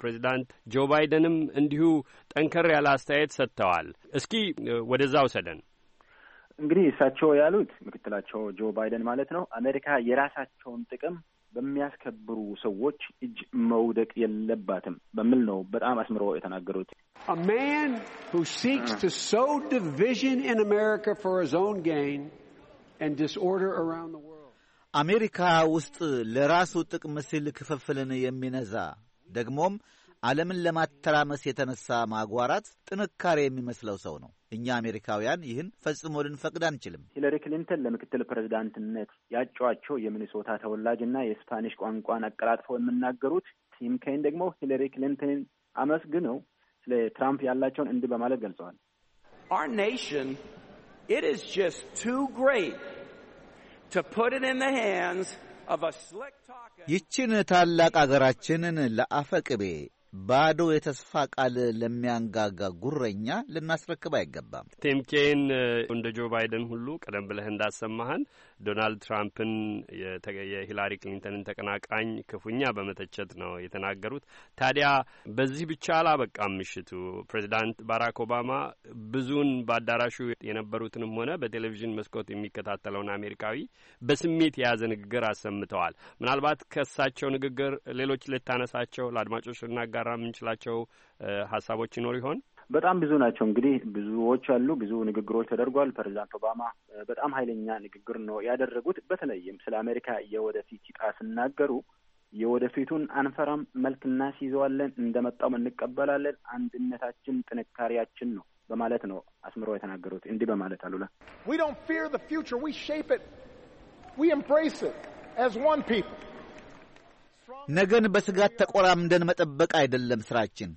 ፕሬዚዳንት ጆ ባይደንም እንዲሁ ጠንከር ያለ አስተያየት ሰጥተዋል። እስኪ ወደዛ ውሰደን። እንግዲህ እሳቸው ያሉት ምክትላቸው ጆ ባይደን ማለት ነው አሜሪካ የራሳቸውን ጥቅም በሚያስከብሩ ሰዎች እጅ መውደቅ የለባትም በሚል ነው በጣም አስምሮ የተናገሩት። አሜሪካ ውስጥ ለራሱ ጥቅም ሲል ክፍፍልን የሚነዛ ደግሞም ዓለምን ለማተራመስ የተነሳ ማጓራት ጥንካሬ የሚመስለው ሰው ነው። እኛ አሜሪካውያን ይህን ፈጽሞ ልንፈቅድ አንችልም። ሂለሪ ክሊንተን ለምክትል ፕሬዚዳንትነት ያጯቸው የሚኒሶታ ተወላጅና የስፓኒሽ ቋንቋን አቀላጥፈው የሚናገሩት ቲም ካይን ደግሞ ሂለሪ ክሊንተንን አመስግነው ስለ ትራምፕ ያላቸውን እንዲህ በማለት ገልጸዋል። Our nation, it is just too great to put it in the hands ይችን ታላቅ አገራችንን ለአፈቅቤ ባዶ የተስፋ ቃል ለሚያንጋጋ ጉረኛ ልናስረክብ አይገባም። ቲምኬን እንደ ጆ ባይደን ሁሉ ቀደም ብለህ እንዳሰማህን ዶናልድ ትራምፕን የሂላሪ ክሊንተንን ተቀናቃኝ ክፉኛ በመተቸት ነው የተናገሩት። ታዲያ በዚህ ብቻ አላበቃም። ምሽቱ ፕሬዚዳንት ባራክ ኦባማ ብዙውን በአዳራሹ የነበሩትንም ሆነ በቴሌቪዥን መስኮት የሚከታተለውን አሜሪካዊ በስሜት የያዘ ንግግር አሰምተዋል። ምናልባት ከእሳቸው ንግግር ሌሎች ልታነሳቸው ለአድማጮች ልናጋራ የምንችላቸው ሀሳቦች ይኖር ይሆን? በጣም ብዙ ናቸው። እንግዲህ ብዙዎች አሉ። ብዙ ንግግሮች ተደርጓል። ፕሬዚዳንት ኦባማ በጣም ኃይለኛ ንግግር ነው ያደረጉት። በተለይም ስለ አሜሪካ የወደፊት ዕጣ ሲናገሩ የወደፊቱን አንፈራም፣ መልክ እናስይዘዋለን፣ እንደመጣውም እንቀበላለን፣ አንድነታችን ጥንካሬያችን ነው በማለት ነው አስምሮ የተናገሩት። እንዲህ በማለት አሉላ ነገን በስጋት ተቆራምደን መጠበቅ አይደለም ስራችን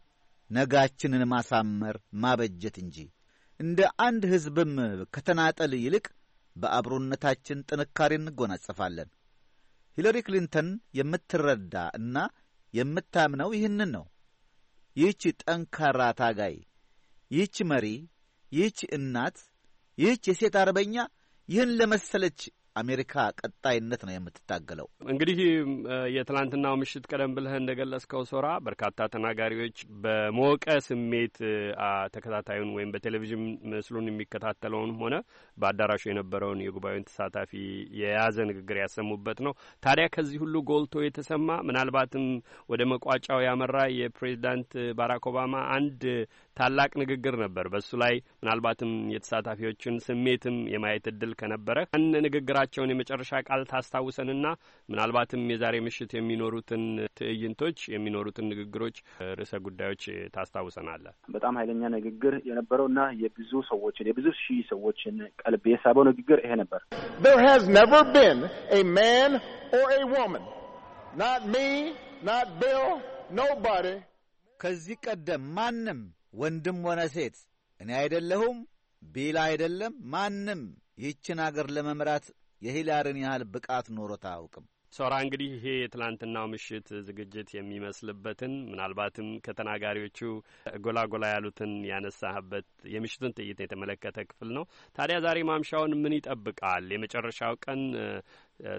ነጋችንን ማሳመር ማበጀት እንጂ እንደ አንድ ሕዝብም ከተናጠል ይልቅ በአብሮነታችን ጥንካሬ እንጎናጸፋለን። ሂለሪ ክሊንተን የምትረዳ እና የምታምነው ይህንን ነው። ይህች ጠንካራ ታጋይ፣ ይህች መሪ፣ ይህች እናት፣ ይህች የሴት አርበኛ ይህን ለመሰለች አሜሪካ ቀጣይነት ነው የምትታገለው። እንግዲህ የትላንትናው ምሽት ቀደም ብለህ እንደገለጽከው ሶራ በርካታ ተናጋሪዎች በሞቀ ስሜት ተከታታዩን ወይም በቴሌቪዥን ምስሉን የሚከታተለውን ሆነ በአዳራሹ የነበረውን የጉባኤውን ተሳታፊ የያዘ ንግግር ያሰሙበት ነው። ታዲያ ከዚህ ሁሉ ጎልቶ የተሰማ ምናልባትም ወደ መቋጫው ያመራ የፕሬዚዳንት ባራክ ኦባማ አንድ ታላቅ ንግግር ነበር። በእሱ ላይ ምናልባትም የተሳታፊዎቹን ስሜትም የማየት እድል ከነበረ አን ንግግራቸውን የመጨረሻ ቃል ታስታውሰንና ምናልባትም የዛሬ ምሽት የሚኖሩትን ትዕይንቶች የሚኖሩትን ንግግሮች ርዕሰ ጉዳዮች ታስታውሰናለ። በጣም ኃይለኛ ንግግር የነበረውና የብዙ ሰዎችን የብዙ ሺህ ሰዎችን ቀልብ የሳበው ንግግር ይሄ ነበር። There has never been a man or a woman, not me, not Bill, nobody ከዚህ ቀደም ማንም ወንድም ሆነ ሴት እኔ አይደለሁም ቢል አይደለም ማንም ይህችን አገር ለመምራት የሂላርን ያህል ብቃት ኖሮት አያውቅም። ሶራ እንግዲህ ይሄ የትላንትናው ምሽት ዝግጅት የሚመስልበትን ምናልባትም ከተናጋሪዎቹ ጎላጎላ ያሉትን ያነሳህበት የምሽቱን ጥይት የተመለከተ ክፍል ነው። ታዲያ ዛሬ ማምሻውን ምን ይጠብቃል? የመጨረሻው ቀን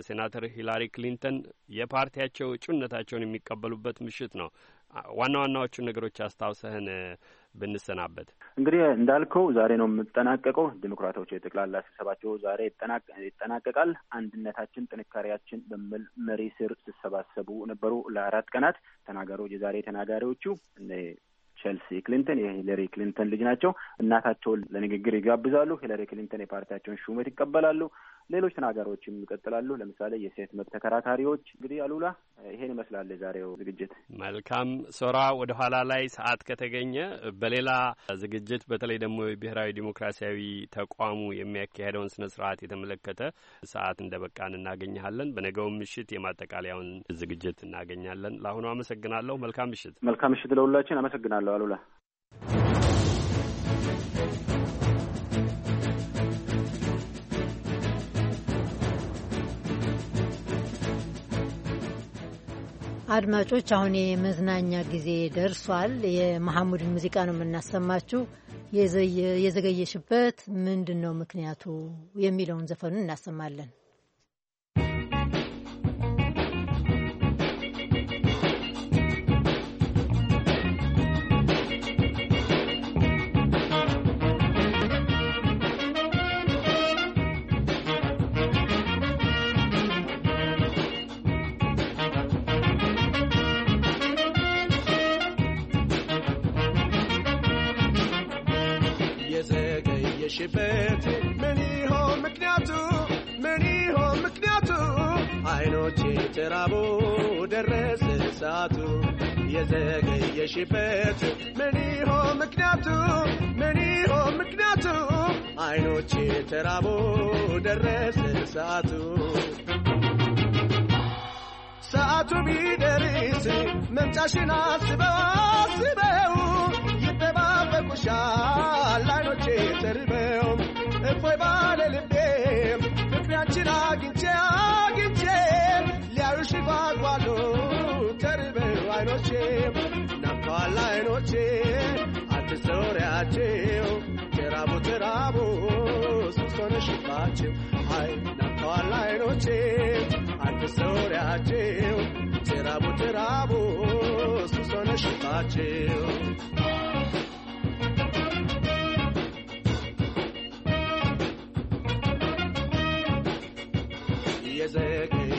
ሴናተር ሂላሪ ክሊንተን የፓርቲያቸው እጩነታቸውን የሚቀበሉበት ምሽት ነው። ዋና ዋናዎቹን ነገሮች አስታውሰህን ብንሰናበት? እንግዲህ እንዳልከው ዛሬ ነው የምጠናቀቀው። ዲሞክራቶች የጠቅላላ ስብሰባቸው ዛሬ ይጠናቀቃል። አንድነታችን ጥንካሬያችን በሚል መሪ ስር ሲሰባሰቡ ነበሩ ለአራት ቀናት ተናጋሪዎች። የዛሬ ተናጋሪዎቹ ቸልሲ ክሊንተን የሂለሪ ክሊንተን ልጅ ናቸው። እናታቸውን ለንግግር ይጋብዛሉ። ሂለሪ ክሊንተን የፓርቲያቸውን ሹመት ይቀበላሉ። ሌሎች ተናጋሪዎችም ይቀጥላሉ። ለምሳሌ የሴት መብት ተከራካሪዎች። እንግዲህ አሉላ ይሄን ይመስላል የዛሬው ዝግጅት። መልካም ሶራ፣ ወደ ኋላ ላይ ሰዓት ከተገኘ በሌላ ዝግጅት በተለይ ደግሞ የብሔራዊ ዲሞክራሲያዊ ተቋሙ የሚያካሄደውን ስነ ስርዓት የተመለከተ ሰዓት እንደ በቃን እናገኘሃለን። በነገው ምሽት የማጠቃለያውን ዝግጅት እናገኛለን። ለአሁኑ አመሰግናለሁ። መልካም ምሽት። መልካም ምሽት ለሁላችን። አመሰግናለሁ አሉላ። አድማጮች አሁን የመዝናኛ ጊዜ ደርሷል። የመሐሙድን ሙዚቃ ነው የምናሰማችሁ። የዘገየሽበት ምንድን ነው ምክንያቱ የሚለውን ዘፈኑን እናሰማለን። የሚበዛይበት ምን ይሆን ምክንያቱ? ምን ይሆን ምክንያቱ? አይኖቼ ተራቦ ደረሰ ሰዓቱ የዘገየሽበት ምን ይሆን ምክንያቱ? ምን ይሆን ምክንያቱ? አይኖቼ ተራቦ ደረሰ ሰዓቱ ሰዓቱ ቢደርስ መምጫሽን አስበው አስበው ይጠባበቁሻል አይኖቼ ተርበ እፎይ ባለ ልቤ ፍቅሪያችን አግኝቼ አግኝቼ ሊያዩሽ ጓጓሉ ተርበው አይኖቼ ናፍቀዋል አይኖቼ አትዘውሪያቸው ተራቡ ተራቡ ሶሶነሽባቸው አይ ናፍቀዋል አይኖቼ አትዘውሪያቸው ተራቡ ተራቡ ሶሶነሽባቸው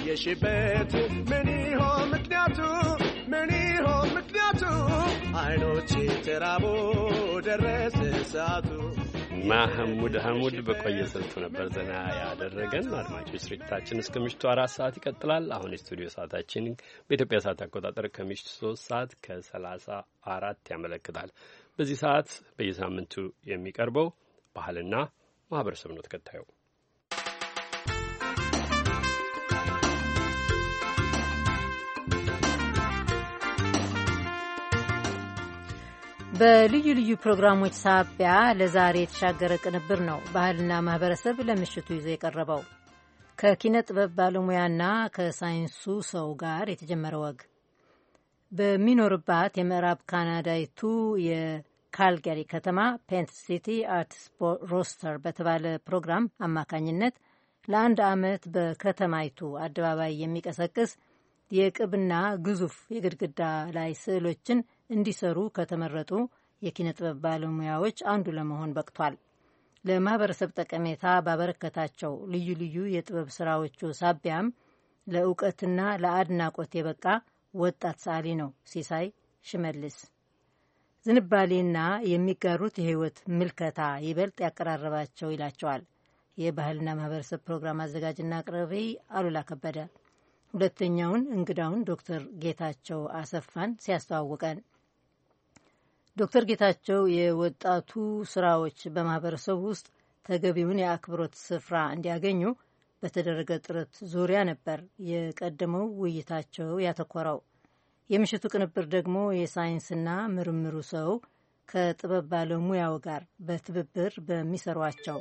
የሽበት ምን ይሆን ምክንያቱ? ምን ይሆን ምክንያቱ? አይኖች ተራቦ ደረሰ ሰዓቱ። ማህሙድ ሐሙድ በቆየ ስልቱ ነበር ዘና ያደረገን። አድማጮች ስርጭታችን እስከ ምሽቱ አራት ሰዓት ይቀጥላል። አሁን የስቱዲዮ ሰዓታችን በኢትዮጵያ ሰዓት አቆጣጠር ከምሽቱ ሶስት ሰዓት ከሰላሳ አራት ያመለክታል። በዚህ ሰዓት በየሳምንቱ የሚቀርበው ባህልና ማህበረሰብ ነው ተከታዩ በልዩ ልዩ ፕሮግራሞች ሳቢያ ለዛሬ የተሻገረ ቅንብር ነው ባህልና ማህበረሰብ ለምሽቱ ይዞ የቀረበው ከኪነ ጥበብ ባለሙያና ከሳይንሱ ሰው ጋር የተጀመረ ወግ በሚኖርባት የምዕራብ ካናዳይቱ የካልጋሪ ከተማ ፔንት ሲቲ አርትስ ሮስተር በተባለ ፕሮግራም አማካኝነት ለአንድ ዓመት በከተማይቱ አደባባይ የሚቀሰቅስ የቅብና ግዙፍ የግድግዳ ላይ ስዕሎችን እንዲሰሩ ከተመረጡ የኪነ ጥበብ ባለሙያዎች አንዱ ለመሆን በቅቷል። ለማህበረሰብ ጠቀሜታ ባበረከታቸው ልዩ ልዩ የጥበብ ስራዎቹ ሳቢያም ለእውቀትና ለአድናቆት የበቃ ወጣት ሰዓሊ ነው ሲሳይ ሽመልስ። ዝንባሌና የሚጋሩት የህይወት ምልከታ ይበልጥ ያቀራረባቸው ይላቸዋል። የባህልና ማህበረሰብ ፕሮግራም አዘጋጅና አቅራቢ አሉላ ከበደ ሁለተኛውን እንግዳውን ዶክተር ጌታቸው አሰፋን ሲያስተዋውቀን ዶክተር ጌታቸው የወጣቱ ስራዎች በማህበረሰብ ውስጥ ተገቢውን የአክብሮት ስፍራ እንዲያገኙ በተደረገ ጥረት ዙሪያ ነበር የቀደመው ውይይታቸው ያተኮረው። የምሽቱ ቅንብር ደግሞ የሳይንስና ምርምሩ ሰው ከጥበብ ባለሙያው ጋር በትብብር በሚሰሯቸው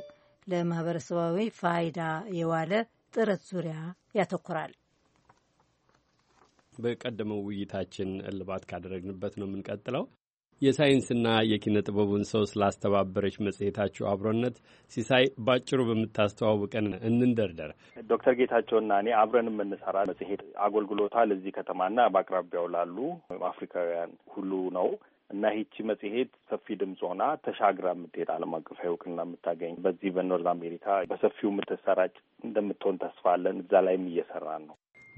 ለማህበረሰባዊ ፋይዳ የዋለ ጥረት ዙሪያ ያተኮራል። በቀደመው ውይይታችን እልባት ካደረግንበት ነው የምንቀጥለው። የሳይንስና የኪነ ጥበቡን ሰው ስላስተባበረች መጽሔታችሁ አብሮነት ሲሳይ ባጭሩ በምታስተዋውቀን እንንደርደር። ዶክተር ጌታቸውና እኔ አብረን የምንሰራ መጽሔት አገልግሎታል እዚህ ከተማና በአቅራቢያው ላሉ አፍሪካውያን ሁሉ ነው እና ይቺ መጽሔት ሰፊ ድምፅ ሆና ተሻግራ የምትሄድ ዓለም አቀፋዊ እውቅና የምታገኝ በዚህ በኖርዝ አሜሪካ በሰፊው የምትሰራጭ እንደምትሆን ተስፋ አለን። እዛ ላይም እየሰራን ነው።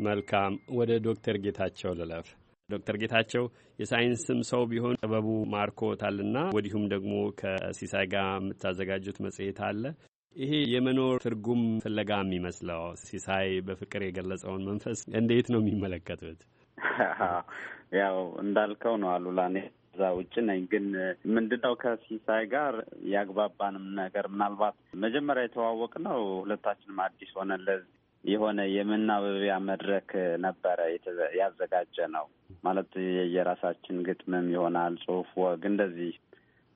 መልካም። ወደ ዶክተር ጌታቸው ልለፍ። ዶክተር ጌታቸው የሳይንስም ሰው ቢሆን ጥበቡ ማርኮታልና ወዲሁም ደግሞ ከሲሳይ ጋር የምታዘጋጁት መጽሔት አለ። ይሄ የመኖር ትርጉም ፍለጋ የሚመስለው ሲሳይ በፍቅር የገለጸውን መንፈስ እንዴት ነው የሚመለከቱት? ያው እንዳልከው ነው አሉላ። እኔ እዛ ውጭ ነኝ። ግን ምንድነው ከሲሳይ ጋር ያግባባንም ነገር ምናልባት መጀመሪያ የተዋወቅ ነው ሁለታችንም አዲስ ሆነን የሆነ የመናበቢያ መድረክ ነበረ ያዘጋጀ ነው። ማለት የየራሳችን ግጥምም ይሆናል ጽሁፍ፣ ወግ እንደዚህ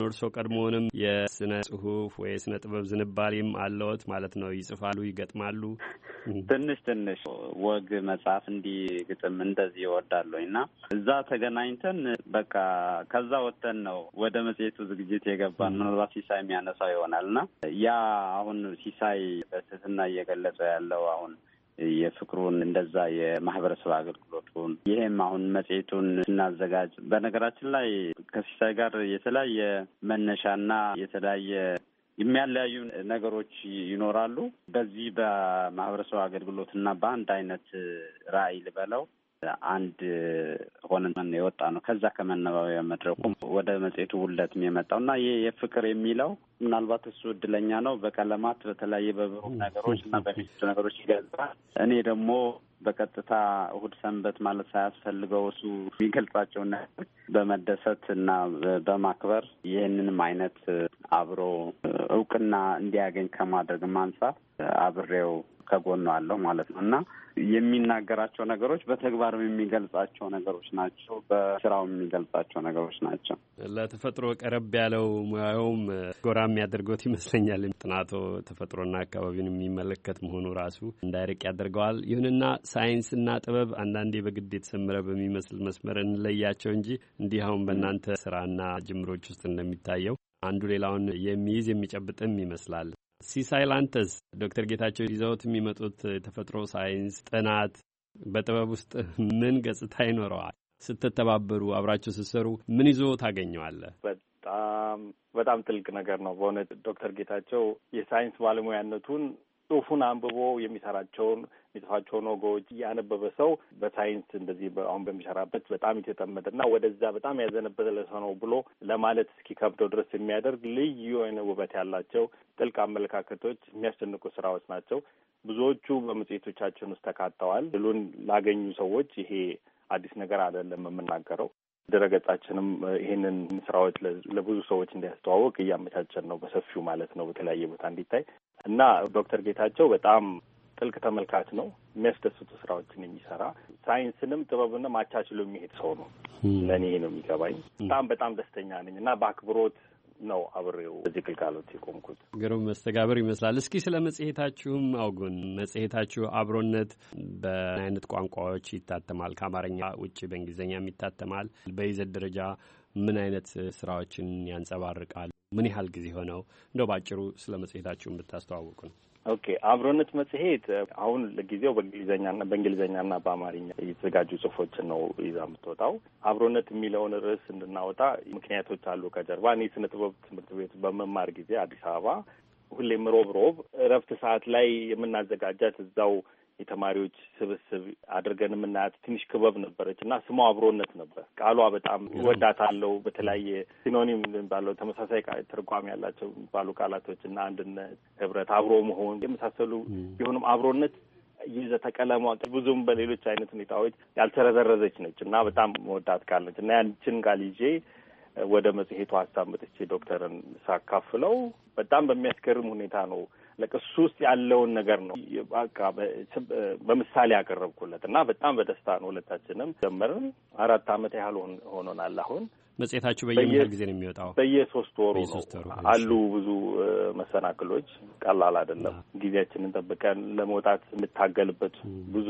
እርስዎ ቀድሞውንም የስነ ጽሁፍ ወይ የስነ ጥበብ ዝንባሌም አለዎት ማለት ነው። ይጽፋሉ፣ ይገጥማሉ። ትንሽ ትንሽ ወግ መጽሐፍ እንዲህ ግጥም እንደዚህ ይወዳለኝ እና እዛ ተገናኝተን በቃ ከዛ ወጥተን ነው ወደ መጽሔቱ ዝግጅት የገባን። ምናልባት ሲሳይ የሚያነሳው ይሆናል እና ያ አሁን ሲሳይ በትህትና እየገለጸ ያለው አሁን የፍቅሩን እንደዛ የማህበረሰብ አገልግሎቱን ይሄም አሁን መጽሔቱን ስናዘጋጅ በነገራችን ላይ ከሲሳይ ጋር የተለያየ መነሻና የተለያየ የሚያለያዩ ነገሮች ይኖራሉ። በዚህ በማህበረሰብ አገልግሎትና በአንድ አይነት ራዕይ ልበለው አንድ ሆነን የወጣ ነው። ከዛ ከመነባቢያ መድረኩ ወደ መጽሔቱ ውለትም የመጣው እና ይህ የፍቅር የሚለው ምናልባት እሱ እድለኛ ነው። በቀለማት በተለያየ በብሩህ ነገሮች እና በሚስቱ ነገሮች ይገልጻል። እኔ ደግሞ በቀጥታ እሁድ ሰንበት ማለት ሳያስፈልገው እሱ የሚገልጻቸውን ነገር በመደሰት እና በማክበር ይህንንም አይነት አብሮ እውቅና እንዲያገኝ ከማድረግ አንጻር አብሬው ከጎኑ አለው ማለት ነው እና የሚናገራቸው ነገሮች በተግባር የሚገልጻቸው ነገሮች ናቸው። በስራው የሚገልጻቸው ነገሮች ናቸው። ለተፈጥሮ ቀረብ ያለው ሙያውም ጎራ የሚያደርገት ይመስለኛል። ጥናቶ ተፈጥሮና አካባቢውን የሚመለከት መሆኑ ራሱ እንዳይርቅ ያደርገዋል። ይሁንና ሳይንስና ጥበብ አንዳንዴ በግድ የተሰመረ በሚመስል መስመር እንለያቸው እንጂ እንዲህ አሁን በእናንተ ስራና ጅምሮች ውስጥ እንደሚታየው አንዱ ሌላውን የሚይዝ የሚጨብጥም ይመስላል። ሲሳይላንተስ ዶክተር ጌታቸው ይዘውት የሚመጡት የተፈጥሮ ሳይንስ ጥናት በጥበብ ውስጥ ምን ገጽታ ይኖረዋል? ስትተባበሩ አብራቸው ስትሰሩ ምን ይዞ ታገኘዋለህ? በጣም በጣም ትልቅ ነገር ነው በእውነት ዶክተር ጌታቸው የሳይንስ ባለሙያነቱን ጽሁፉን አንብቦ የሚሰራቸውን የሚጽፋቸውን ወጎች እያነበበ ሰው በሳይንስ እንደዚህ አሁን በሚሰራበት በጣም የተጠመደና ወደዛ በጣም ያዘነበለ ሰው ነው ብሎ ለማለት እስኪከብደው ድረስ የሚያደርግ ልዩ የሆነ ውበት ያላቸው ጥልቅ አመለካከቶች የሚያስደንቁ ስራዎች ናቸው። ብዙዎቹ በመጽሄቶቻችን ውስጥ ተካተዋል። ድሉን ላገኙ ሰዎች ይሄ አዲስ ነገር አይደለም የምናገረው። ድረገጻችንም ይህንን ስራዎች ለብዙ ሰዎች እንዲያስተዋወቅ እያመቻቸን ነው በሰፊው ማለት ነው በተለያየ ቦታ እንዲታይ እና ዶክተር ጌታቸው በጣም ጥልቅ ተመልካች ነው። የሚያስደስቱ ስራዎችን የሚሰራ ሳይንስንም ጥበብንም አቻችሎ የሚሄድ ሰው ነው። ለእኔ ነው የሚገባኝ። በጣም በጣም ደስተኛ ነኝ እና በአክብሮት ነው አብሬው በዚህ ግልጋሎት የቆምኩት። ግሩም መስተጋብር ይመስላል። እስኪ ስለ መጽሔታችሁም አውጉን። መጽሔታችሁ አብሮነት በምን አይነት ቋንቋዎች ይታተማል? ከአማርኛ ውጭ በእንግሊዝኛም ይታተማል። በይዘት ደረጃ ምን አይነት ስራዎችን ያንጸባርቃል? ምን ያህል ጊዜ ሆነው? እንደው ባጭሩ ስለ መጽሔታችሁ የምታስተዋውቁ ነው። ኦኬ አብሮነት መጽሔት አሁን ለጊዜው በእንግሊዝኛና በእንግሊዝኛና በአማርኛ የተዘጋጁ ጽሁፎችን ነው ይዛ የምትወጣው። አብሮነት የሚለውን ርዕስ እንድናወጣ ምክንያቶች አሉ ከጀርባ። እኔ ስነ ጥበብ ትምህርት ቤት በመማር ጊዜ አዲስ አበባ ሁሌም ሮብ ሮብ እረፍት ሰዓት ላይ የምናዘጋጃት እዛው የተማሪዎች ስብስብ አድርገን የምናያት ትንሽ ክበብ ነበረች እና ስሟ አብሮነት ነበር። ቃሏ በጣም እወዳታለሁ በተለያየ ሲኖኒም የሚባለው ተመሳሳይ ትርጓሜ ያላቸው የሚባሉ ቃላቶች እና አንድነት፣ ህብረት፣ አብሮ መሆን የመሳሰሉ ቢሆንም አብሮነት ይዘተ ቀለሟ ብዙም በሌሎች አይነት ሁኔታዎች ያልተረዘረዘች ነች እና በጣም መወዳት ቃል ነች እና ያንችን ቃል ይዤ ወደ መጽሔቱ ሀሳብ መጥቼ ዶክተርን ሳካፍለው በጣም በሚያስገርም ሁኔታ ነው ለቅሱ ውስጥ ያለውን ነገር ነው በቃ በምሳሌ ያቀረብኩለት እና በጣም በደስታ ነው። ሁለታችንም ጀመርን። አራት ዓመት ያህል ሆኖናል አሁን መጽሔታችሁ በየምል ጊዜ ነው የሚወጣው? በየሶስት ወሩ ነው። አሉ ብዙ መሰናክሎች፣ ቀላል አይደለም። ጊዜያችንን ጠብቀን ለመውጣት የምታገልበት ብዙ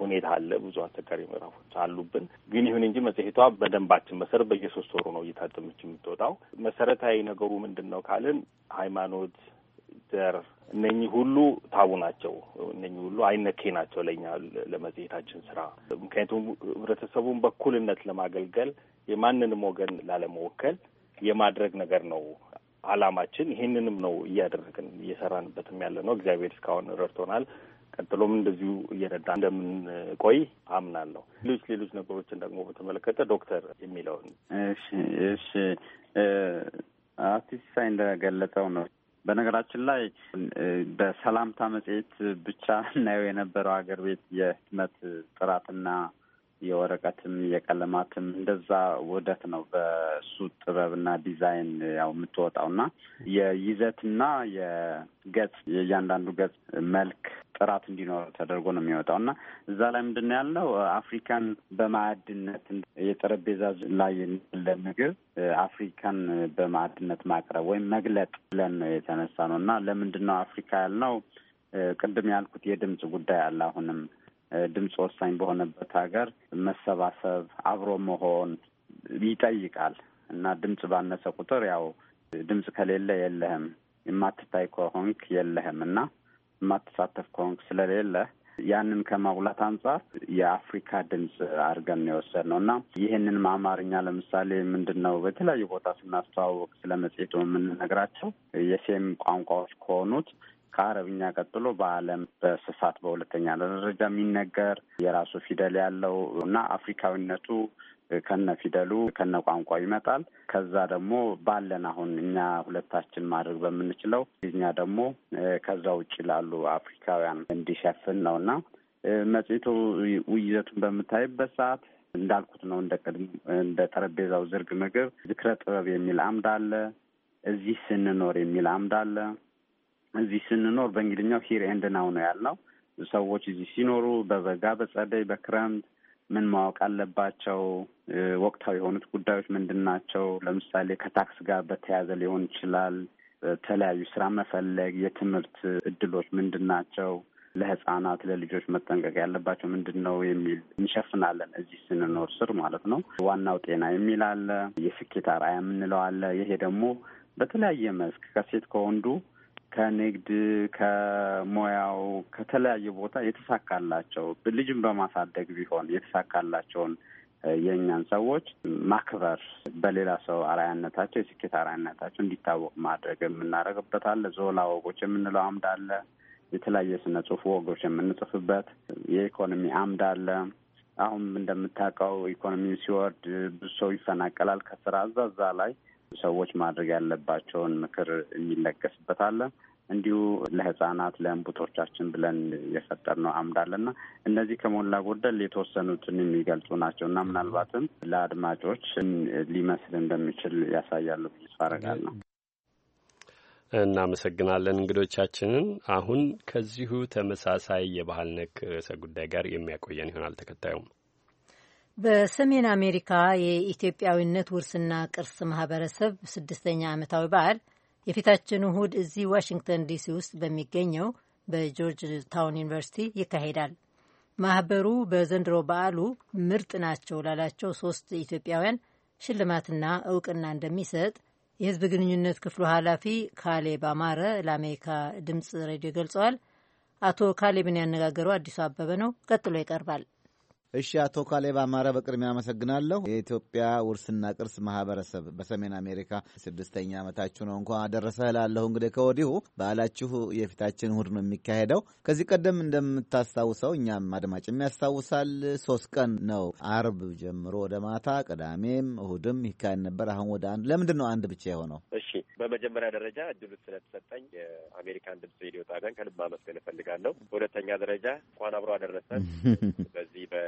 ሁኔታ አለ። ብዙ አስቸጋሪ ምዕራፎች አሉብን። ግን ይሁን እንጂ መጽሔቷ በደንባችን መሰረት በየሶስት ወሩ ነው እየታተመች የምትወጣው። መሰረታዊ ነገሩ ምንድን ነው ካልን ሃይማኖት ኮሪደር እነኚህ ሁሉ ታቡ ናቸው። እነኚህ ሁሉ አይነኬ ናቸው ለእኛ ለመጽሔታችን ስራ። ምክንያቱም ህብረተሰቡን በኩልነት ለማገልገል የማንንም ወገን ላለመወከል የማድረግ ነገር ነው አላማችን። ይህንንም ነው እያደረግን እየሰራንበትም ያለ ነው። እግዚአብሔር እስካሁን ረድቶናል። ቀጥሎም እንደዚሁ እየረዳ እንደምንቆይ አምናለሁ። ሌሎች ሌሎች ነገሮችን ደግሞ በተመለከተ ዶክተር የሚለውን እሺ፣ እሺ አርቲስት ሳይ እንደገለጸው ነው በነገራችን ላይ በሰላምታ መጽሔት ብቻ እናየው የነበረው ሀገር ቤት የህትመት ጥራትና የወረቀትም የቀለማትም እንደዛ ውህደት ነው በሱ ጥበብና ዲዛይን ያው እና የይዘትና የገጽ የእያንዳንዱ ገጽ መልክ ጥራት እንዲኖረው ተደርጎ ነው የሚወጣው እና እዛ ላይ ምንድን ነው አፍሪካን በማዕድነት የጠረጴዛ ላይ ያለ ምግብ አፍሪካን በማዕድነት ማቅረብ ወይም መግለጥ ብለን ነው የተነሳ ነው እና ለምንድን ነው አፍሪካ ያልነው ቅድም ያልኩት የድምፅ ጉዳይ አለ አሁንም ድምፅ ወሳኝ በሆነበት ሀገር መሰባሰብ፣ አብሮ መሆን ይጠይቃል እና ድምፅ ባነሰ ቁጥር ያው ድምፅ ከሌለ የለህም፣ የማትታይ ከሆንክ የለህም እና የማትሳተፍ ከሆንክ ስለሌለ ያንን ከማጉላት አንጻር የአፍሪካ ድምፅ አድርገን ነው የወሰድነው እና ይህንን ማማርኛ ለምሳሌ ምንድን ነው በተለያዩ ቦታ ስናስተዋወቅ ስለ መጽሔቱ የምንነግራቸው የሴም ቋንቋዎች ከሆኑት ከአረብኛ ቀጥሎ በዓለም በስፋት በሁለተኛ ደረጃ የሚነገር የራሱ ፊደል ያለው እና አፍሪካዊነቱ ከነ ፊደሉ ከነ ቋንቋ ይመጣል። ከዛ ደግሞ ባለን አሁን እኛ ሁለታችን ማድረግ በምንችለው እኛ ደግሞ ከዛ ውጭ ላሉ አፍሪካውያን እንዲሸፍን ነው እና መጽሔቱ ውይዘቱን በምታይበት ሰዓት እንዳልኩት ነው። እንደ ቅድም እንደ ጠረጴዛው ዝርግ ምግብ ዝክረ ጥበብ የሚል አምድ አለ። እዚህ ስንኖር የሚል አምድ አለ። እዚህ ስንኖር በእንግሊኛው ሂር ኤንድ ናው ነው ያልነው። ሰዎች እዚህ ሲኖሩ በበጋ፣ በጸደይ፣ በክረምት ምን ማወቅ አለባቸው? ወቅታዊ የሆኑት ጉዳዮች ምንድን ናቸው? ለምሳሌ ከታክስ ጋር በተያያዘ ሊሆን ይችላል። በተለያዩ ስራ መፈለግ፣ የትምህርት እድሎች ምንድን ናቸው? ለህጻናት ለልጆች መጠንቀቅ ያለባቸው ምንድን ነው የሚል እንሸፍናለን። እዚህ ስንኖር ስር ማለት ነው። ዋናው ጤና የሚል አለ፣ የስኬት አርአያ የምንለው አለ። ይሄ ደግሞ በተለያየ መስክ ከሴት ከወንዱ ከንግድ ከሙያው ከተለያየ ቦታ የተሳካላቸው ልጅም በማሳደግ ቢሆን የተሳካላቸውን የእኛን ሰዎች ማክበር በሌላ ሰው አራያነታቸው የስኬት አራያነታቸው እንዲታወቅ ማድረግ የምናደርግበት አለ። ዞላ ወጎች የምንለው አምድ አለ። የተለያየ ስነ ጽሁፍ ወጎች የምንጽፍበት የኢኮኖሚ አምድ አለ። አሁን እንደምታውቀው ኢኮኖሚ ሲወርድ ብዙ ሰው ይፈናቀላል ከስራ እዛ እዛ ላይ ሰዎች ማድረግ ያለባቸውን ምክር የሚለገስበት አለ። እንዲሁ ለህጻናት ለእንቡቶቻችን ብለን የፈጠርነው አምድ አለና እነዚህ ከሞላ ጎደል የተወሰኑትን የሚገልጹ ናቸው እና ምናልባትም ለአድማጮች ሊመስል እንደሚችል ያሳያሉ ብዬ ተስፋ አደርጋለሁ። እናመሰግናለን እንግዶቻችንን። አሁን ከዚሁ ተመሳሳይ የባህል ነክ ርዕሰ ጉዳይ ጋር የሚያቆየን ይሆናል ተከታዩም በሰሜን አሜሪካ የኢትዮጵያዊነት ውርስና ቅርስ ማህበረሰብ ስድስተኛ ዓመታዊ በዓል የፊታችን እሁድ እዚህ ዋሽንግተን ዲሲ ውስጥ በሚገኘው በጆርጅ ታውን ዩኒቨርሲቲ ይካሄዳል። ማህበሩ በዘንድሮ በዓሉ ምርጥ ናቸው ላላቸው ሶስት ኢትዮጵያውያን ሽልማትና እውቅና እንደሚሰጥ የህዝብ ግንኙነት ክፍሉ ኃላፊ ካሌብ አማረ ለአሜሪካ ድምፅ ሬዲዮ ገልጸዋል። አቶ ካሌብን ያነጋገረው አዲሱ አበበ ነው። ቀጥሎ ይቀርባል። እሺ አቶ ካሌብ አማረ በቅድሚያ አመሰግናለሁ። የኢትዮጵያ ውርስና ቅርስ ማህበረሰብ በሰሜን አሜሪካ ስድስተኛ ዓመታችሁ ነው። እንኳን አደረሰ እላለሁ። እንግዲህ ከወዲሁ በዓላችሁ የፊታችን እሁድ ነው የሚካሄደው። ከዚህ ቀደም እንደምታስታውሰው እኛም አድማጭም ያስታውሳል፣ ሶስት ቀን ነው አርብ ጀምሮ ወደ ማታ፣ ቅዳሜም እሁድም ይካሄድ ነበር። አሁን ወደ አንድ ለምንድን ነው አንድ ብቻ የሆነው? እሺ በመጀመሪያ ደረጃ እድሉ ስለተሰጠኝ የአሜሪካን ድምፅ ሬዲዮ ጣቢያን ከልብ ማመስገን እፈልጋለሁ። በሁለተኛ ደረጃ እንኳን አብሮ አደረሰን በዚህ በ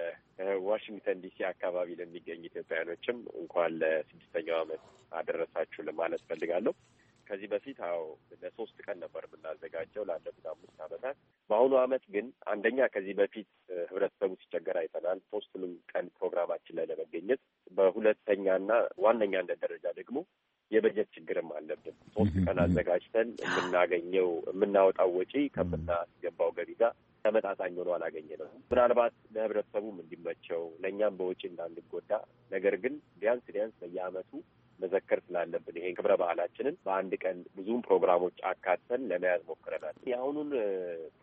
ዋሽንግተን ዲሲ አካባቢ ለሚገኙ ኢትዮጵያውያኖችም እንኳን ለስድስተኛው ዓመት አደረሳችሁ ለማለት ፈልጋለሁ። ከዚህ በፊት አዎ ለሶስት ቀን ነበር የምናዘጋጀው ላለፉት አምስት ዓመታት። በአሁኑ ዓመት ግን አንደኛ ከዚህ በፊት ህብረተሰቡ ሲቸገር አይተናል። ሶስቱንም ቀን ፕሮግራማችን ላይ ለመገኘት በሁለተኛና እንደ ደረጃ ደግሞ የበጀት ችግርም አለብን። ሶስት ቀን አዘጋጅተን የምናገኘው የምናወጣው ወጪ ከምናስገባው ገቢ ጋር ተመጣጣኝ ሆኖ አላገኘ ነው። ምናልባት ለህብረተሰቡም እንዲመቸው ለእኛም በወጪ እንዳንጎዳ ነገር ግን ቢያንስ ቢያንስ በየአመቱ መዘከር ስላለብን ይሄን ክብረ ባህላችንን በአንድ ቀን ብዙም ፕሮግራሞች አካተን ለመያዝ ሞክረናል። የአሁኑን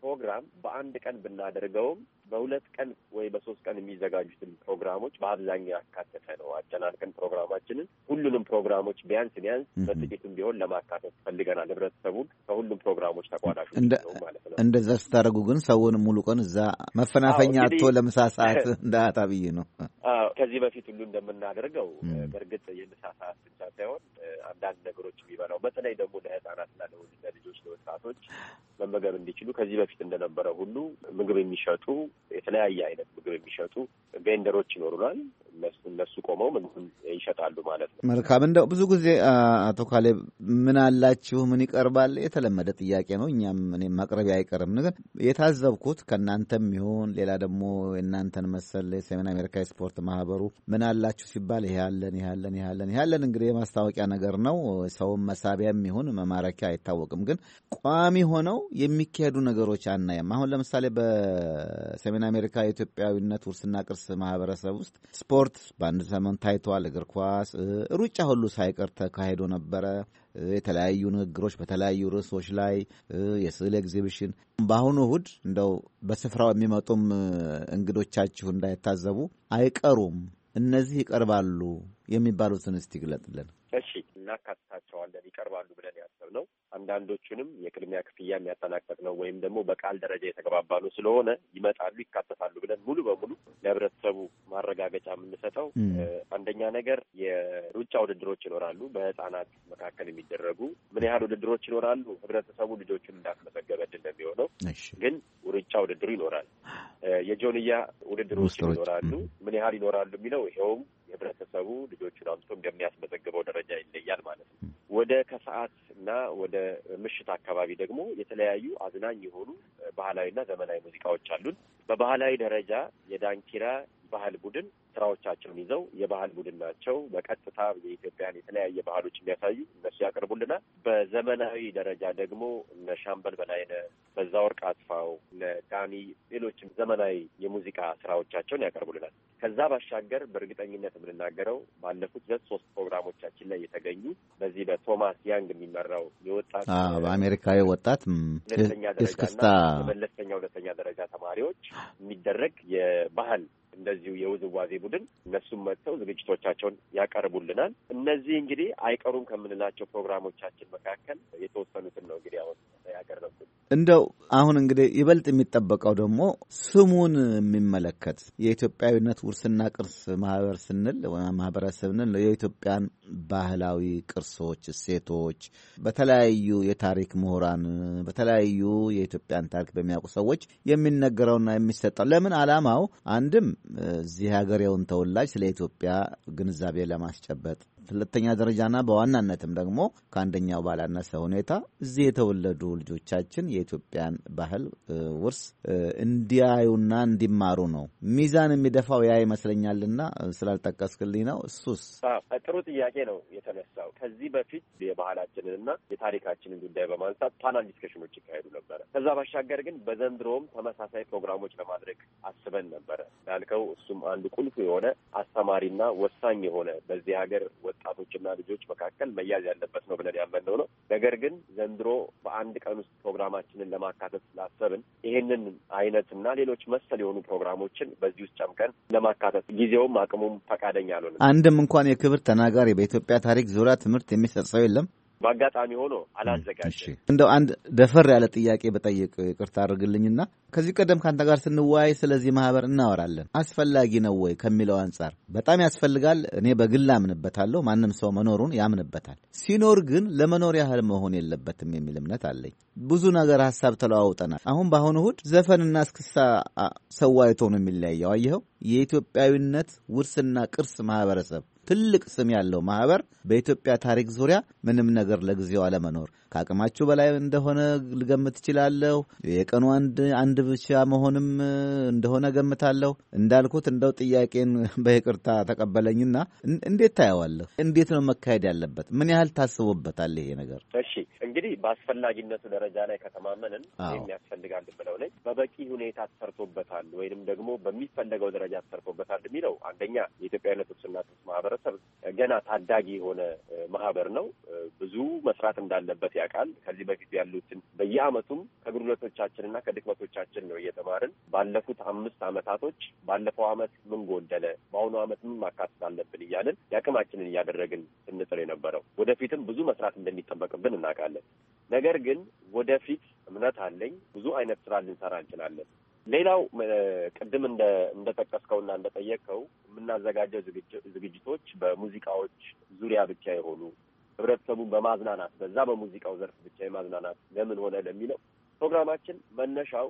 ፕሮግራም በአንድ ቀን ብናደርገውም በሁለት ቀን ወይ በሶስት ቀን የሚዘጋጁትን ፕሮግራሞች በአብዛኛው ያካተተ ነው። አጨናንቀን ፕሮግራማችንን ሁሉንም ፕሮግራሞች ቢያንስ ቢያንስ በጥቂቱም ቢሆን ለማካተት ፈልገናል። ህብረተሰቡን ከሁሉም ፕሮግራሞች ተቋዳሹ ማለት ነው። እንደዛ ስታደርጉ ግን ሰውን ሙሉ ቀን እዛ መፈናፈኛ አቶ ለምሳ ሰዓት እንደ ብዬ ነው ከዚህ በፊት ሁሉ እንደምናደርገው በእርግጥ የምሳ ሰዓት ብቻ ሳይሆን አንዳንድ ነገሮች የሚበላው በተለይ ደግሞ ለህጻናትና ለልጆች ለወጣቶች መመገብ እንዲችሉ ከዚህ በፊት እንደነበረ ሁሉ ምግብ የሚሸጡ የተለያየ አይነት ምግብ የሚሸጡ ቬንደሮች ይኖሩናል። እነሱ ቆመው ምንም ይሸጣሉ ማለት ነው። መልካም። እንደው ብዙ ጊዜ አቶ ካሌብ ምን አላችሁ፣ ምን ይቀርባል የተለመደ ጥያቄ ነው። እኛም እኔም ማቅረቢያ አይቀርም። ነገር የታዘብኩት ከእናንተም ይሁን ሌላ ደግሞ የእናንተን መሰል የሰሜን አሜሪካ የስፖርት ማህበሩ ምን አላችሁ ሲባል ይሄ ያለን ይሄ ያለን ይሄ ያለን ይሄ ያለን እንግዲህ የማስታወቂያ ነገር ነው። ሰውም መሳቢያም ይሁን መማረኪያ አይታወቅም። ግን ቋሚ ሆነው የሚካሄዱ ነገሮች አናየም። አሁን ለምሳሌ በሰሜን አሜሪካ የኢትዮጵያዊነት ውርስና ቅርስ ማህበረሰብ ውስጥ ስፖርት ስፖርት በአንድ ዘመን ታይቷል። እግር ኳስ፣ ሩጫ ሁሉ ሳይቀር ተካሂዶ ነበረ። የተለያዩ ንግግሮች በተለያዩ ርዕሶች ላይ የስዕል ኤግዚቢሽን። በአሁኑ እሁድ እንደው በስፍራው የሚመጡም እንግዶቻችሁ እንዳይታዘቡ አይቀሩም እነዚህ ይቀርባሉ የሚባሉትን እስቲ ግለጥልን። እሺ፣ እናካትታቸዋለን ይቀርባሉ ብለን ያሰብነው አንዳንዶቹንም የቅድሚያ ክፍያ የሚያጠናቀቅ ነው ወይም ደግሞ በቃል ደረጃ የተገባባ ነው ስለሆነ ይመጣሉ፣ ይካተታሉ ብለን ሙሉ በሙሉ ለህብረተሰቡ ማረጋገጫ የምንሰጠው አንደኛ ነገር የሩጫ ውድድሮች ይኖራሉ። በህጻናት መካከል የሚደረጉ ምን ያህል ውድድሮች ይኖራሉ? ህብረተሰቡ ልጆቹን እንዳስመዘገበ ድል ግን ሩጫ ውድድሩ ይኖራል። የጆንያ ውድድሮች ይኖራሉ። ምን ያህል ይኖራሉ የሚለው ይኸውም ህብረተሰቡ ልጆቹን አምጥቶ እንደሚያስመዘግበው ደረጃ ይለያል ማለት ነው። ወደ ከሰዓት እና ወደ ምሽት አካባቢ ደግሞ የተለያዩ አዝናኝ የሆኑ ባህላዊና ዘመናዊ ሙዚቃዎች አሉን። በባህላዊ ደረጃ የዳንኪራ ባህል ቡድን ስራዎቻቸውን ይዘው የባህል ቡድን ናቸው። በቀጥታ የኢትዮጵያን የተለያየ ባህሎች የሚያሳዩ እነሱ ያቀርቡልናል። በዘመናዊ ደረጃ ደግሞ እነ ሻምበል በላይነህ፣ በዛ ወርቅ አጥፋው፣ እነ ዳኒ፣ ሌሎችም ዘመናዊ የሙዚቃ ስራዎቻቸውን ያቀርቡልናል። ከዛ ባሻገር በእርግጠኝነት የምንናገረው ባለፉት ሁለት ሶስት ፕሮግራሞቻችን ላይ የተገኙ በዚህ በቶማስ ያንግ የሚመራው የወጣት በአሜሪካዊ ወጣት ሁለተኛ ደረጃ የመለስተኛ ሁለተኛ ደረጃ ተማሪዎች የሚደረግ የባህል እንደዚሁ የውዝዋዜ ቡድን እነሱም መጥተው ዝግጅቶቻቸውን ያቀርቡልናል። እነዚህ እንግዲህ አይቀሩም ከምንላቸው ፕሮግራሞቻችን መካከል የተወሰኑትን ነው እንግዲህ አሁን ያቀረብኩት። እንደው አሁን እንግዲህ ይበልጥ የሚጠበቀው ደግሞ ስሙን የሚመለከት የኢትዮጵያዊነት ውርስና ቅርስ ማህበር ስንል ማህበረሰብ የኢትዮጵያን ባህላዊ ቅርሶች፣ እሴቶች በተለያዩ የታሪክ ምሁራን በተለያዩ የኢትዮጵያን ታሪክ በሚያውቁ ሰዎች የሚነገረውና የሚሰጠው ለምን አላማው አንድም እዚህ ሀገሬውን ተወላጅ ስለ ኢትዮጵያ ግንዛቤ ለማስጨበጥ ሁለተኛ ደረጃና በዋናነትም ደግሞ ከአንደኛው ባላነሰ ሁኔታ እዚህ የተወለዱ ልጆቻችን የኢትዮጵያን ባህል ውርስ እንዲያዩና እንዲማሩ ነው። ሚዛን የሚደፋው ያ ይመስለኛልና ስላልጠቀስክልኝ ነው። እሱስ ጥሩ ጥያቄ ነው የተነሳው። ከዚህ በፊት የባህላችንንና የታሪካችንን ጉዳይ በማንሳት ፓናል ዲስከሽኖች ይካሄዱ ነበረ። ከዛ ባሻገር ግን በዘንድሮም ተመሳሳይ ፕሮግራሞች ለማድረግ አስበን ነበረ። ያልከው እሱም አንድ ቁልፍ የሆነ አስተማሪና ወሳኝ የሆነ በዚህ ሀገር ወጣቶችና ልጆች መካከል መያዝ ያለበት ነው ብለን ያመንነው ነው። ነገር ግን ዘንድሮ በአንድ ቀን ውስጥ ፕሮግራማችንን ለማካተት ስላሰብን ይህንን አይነትና ሌሎች መሰል የሆኑ ፕሮግራሞችን በዚህ ውስጥ ጨምቀን ለማካተት ጊዜውም አቅሙም ፈቃደኛ አልሆንም። አንድም እንኳን የክብር ተናጋሪ በኢትዮጵያ ታሪክ ዙሪያ ትምህርት የሚሰጥ ሰው የለም። በአጋጣሚ ሆኖ አላዘጋጀም። እንደው አንድ ደፈር ያለ ጥያቄ በጠየቅ ይቅርታ አድርግልኝና ከዚህ ቀደም ከአንተ ጋር ስንወያይ ስለዚህ ማህበር እናወራለን። አስፈላጊ ነው ወይ ከሚለው አንጻር በጣም ያስፈልጋል። እኔ በግል አምንበታለሁ። ማንም ሰው መኖሩን ያምንበታል። ሲኖር ግን ለመኖር ያህል መሆን የለበትም የሚል እምነት አለኝ። ብዙ ነገር ሀሳብ ተለዋውጠናል። አሁን በአሁኑ እሁድ ዘፈንና እስክሳ ሰዋይቶ ነው የሚለያየው። አየኸው የኢትዮጵያዊነት ውርስና ቅርስ ማህበረሰብ ትልቅ ስም ያለው ማህበር በኢትዮጵያ ታሪክ ዙሪያ ምንም ነገር ለጊዜው አለመኖር፣ ከአቅማችሁ በላይ እንደሆነ ልገምት እችላለሁ። የቀኑ አንድ አንድ ብቻ መሆንም እንደሆነ ገምታለሁ። እንዳልኩት እንደው ጥያቄን በይቅርታ ተቀበለኝና እንዴት ታየዋለሁ? እንዴት ነው መካሄድ ያለበት? ምን ያህል ታስቦበታል ይሄ ነገር? እሺ እንግዲህ በአስፈላጊነቱ ደረጃ ላይ ከተማመንን የሚያስፈልጋል ብለው ላይ በበቂ ሁኔታ ተሰርቶበታል ወይንም ደግሞ በሚፈለገው ደረጃ ተሰርቶበታል የሚለው አንደኛ የኢትዮጵያ አይነቶችና ማህበር ማህበረሰብ ገና ታዳጊ የሆነ ማህበር ነው። ብዙ መስራት እንዳለበት ያውቃል። ከዚህ በፊት ያሉትን በየአመቱም ከጉድለቶቻችን እና ከድክመቶቻችን ነው እየተማርን ባለፉት አምስት አመታቶች ባለፈው አመት ምን ጎደለ፣ በአሁኑ አመት ምን ማካተት አለብን እያልን የአቅማችንን እያደረግን ስንጥር የነበረው ወደፊትም ብዙ መስራት እንደሚጠበቅብን እናውቃለን። ነገር ግን ወደፊት እምነት አለኝ ብዙ አይነት ስራ ልንሰራ እንችላለን። ሌላው ቅድም እንደ እንደጠቀስከውና እንደጠየቅከው የምናዘጋጀው ዝግጅቶች በሙዚቃዎች ዙሪያ ብቻ የሆኑ ህብረተሰቡን በማዝናናት በዛ በሙዚቃው ዘርፍ ብቻ የማዝናናት ለምን ሆነ ለሚለው ፕሮግራማችን መነሻው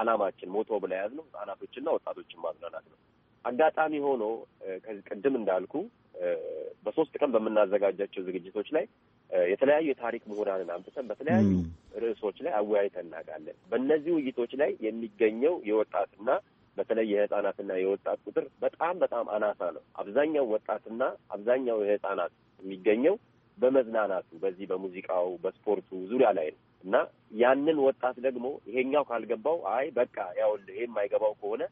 አላማችን ሞቶ ብላ የያዝነው ህጻናቶችና ወጣቶችን ማዝናናት ነው። አጋጣሚ ሆኖ ከዚህ ቅድም እንዳልኩ በሶስት ቀን በምናዘጋጃቸው ዝግጅቶች ላይ የተለያዩ የታሪክ ምሁራንን አምጥተን በተለያዩ ርዕሶች ላይ አወያይተን እናውቃለን። በእነዚህ ውይይቶች ላይ የሚገኘው የወጣትና በተለይ የህጻናትና የወጣት ቁጥር በጣም በጣም አናሳ ነው። አብዛኛው ወጣትና አብዛኛው የህጻናት የሚገኘው በመዝናናቱ በዚህ በሙዚቃው በስፖርቱ ዙሪያ ላይ ነው እና ያንን ወጣት ደግሞ ይሄኛው ካልገባው አይ በቃ ያው ይሄ የማይገባው ከሆነ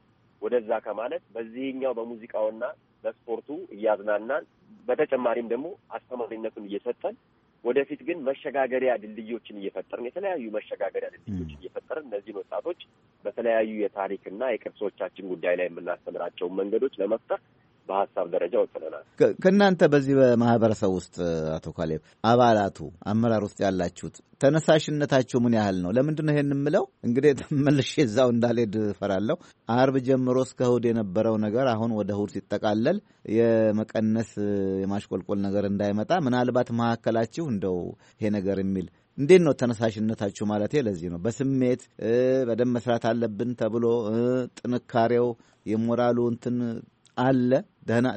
ወደዛ ከማለት በዚህኛው በሙዚቃውና በስፖርቱ እያዝናናን በተጨማሪም ደግሞ አስተማሪነቱን እየሰጠን ወደፊት ግን መሸጋገሪያ ድልድዮችን እየፈጠርን የተለያዩ መሸጋገሪያ ድልድዮችን እየፈጠርን እነዚህን ወጣቶች በተለያዩ የታሪክና የቅርሶቻችን ጉዳይ ላይ የምናስተምራቸውን መንገዶች ለመፍጠር በሀሳብ ደረጃ ወስነናል። ከእናንተ በዚህ በማህበረሰብ ውስጥ አቶ ካሌብ አባላቱ አመራር ውስጥ ያላችሁት ተነሳሽነታችሁ ምን ያህል ነው? ለምንድን ነው ይሄን የምለው? እንግዲህ መልሼ እዛው እንዳልሄድ እፈራለሁ። አርብ ጀምሮ እስከ እሁድ የነበረው ነገር አሁን ወደ እሁድ ሲጠቃለል የመቀነስ የማሽቆልቆል ነገር እንዳይመጣ ምናልባት መካከላችሁ እንደው ይሄ ነገር የሚል እንዴት ነው ተነሳሽነታችሁ? ማለት ለዚህ ነው በስሜት በደንብ መስራት አለብን ተብሎ ጥንካሬው የሞራሉ እንትን አለ።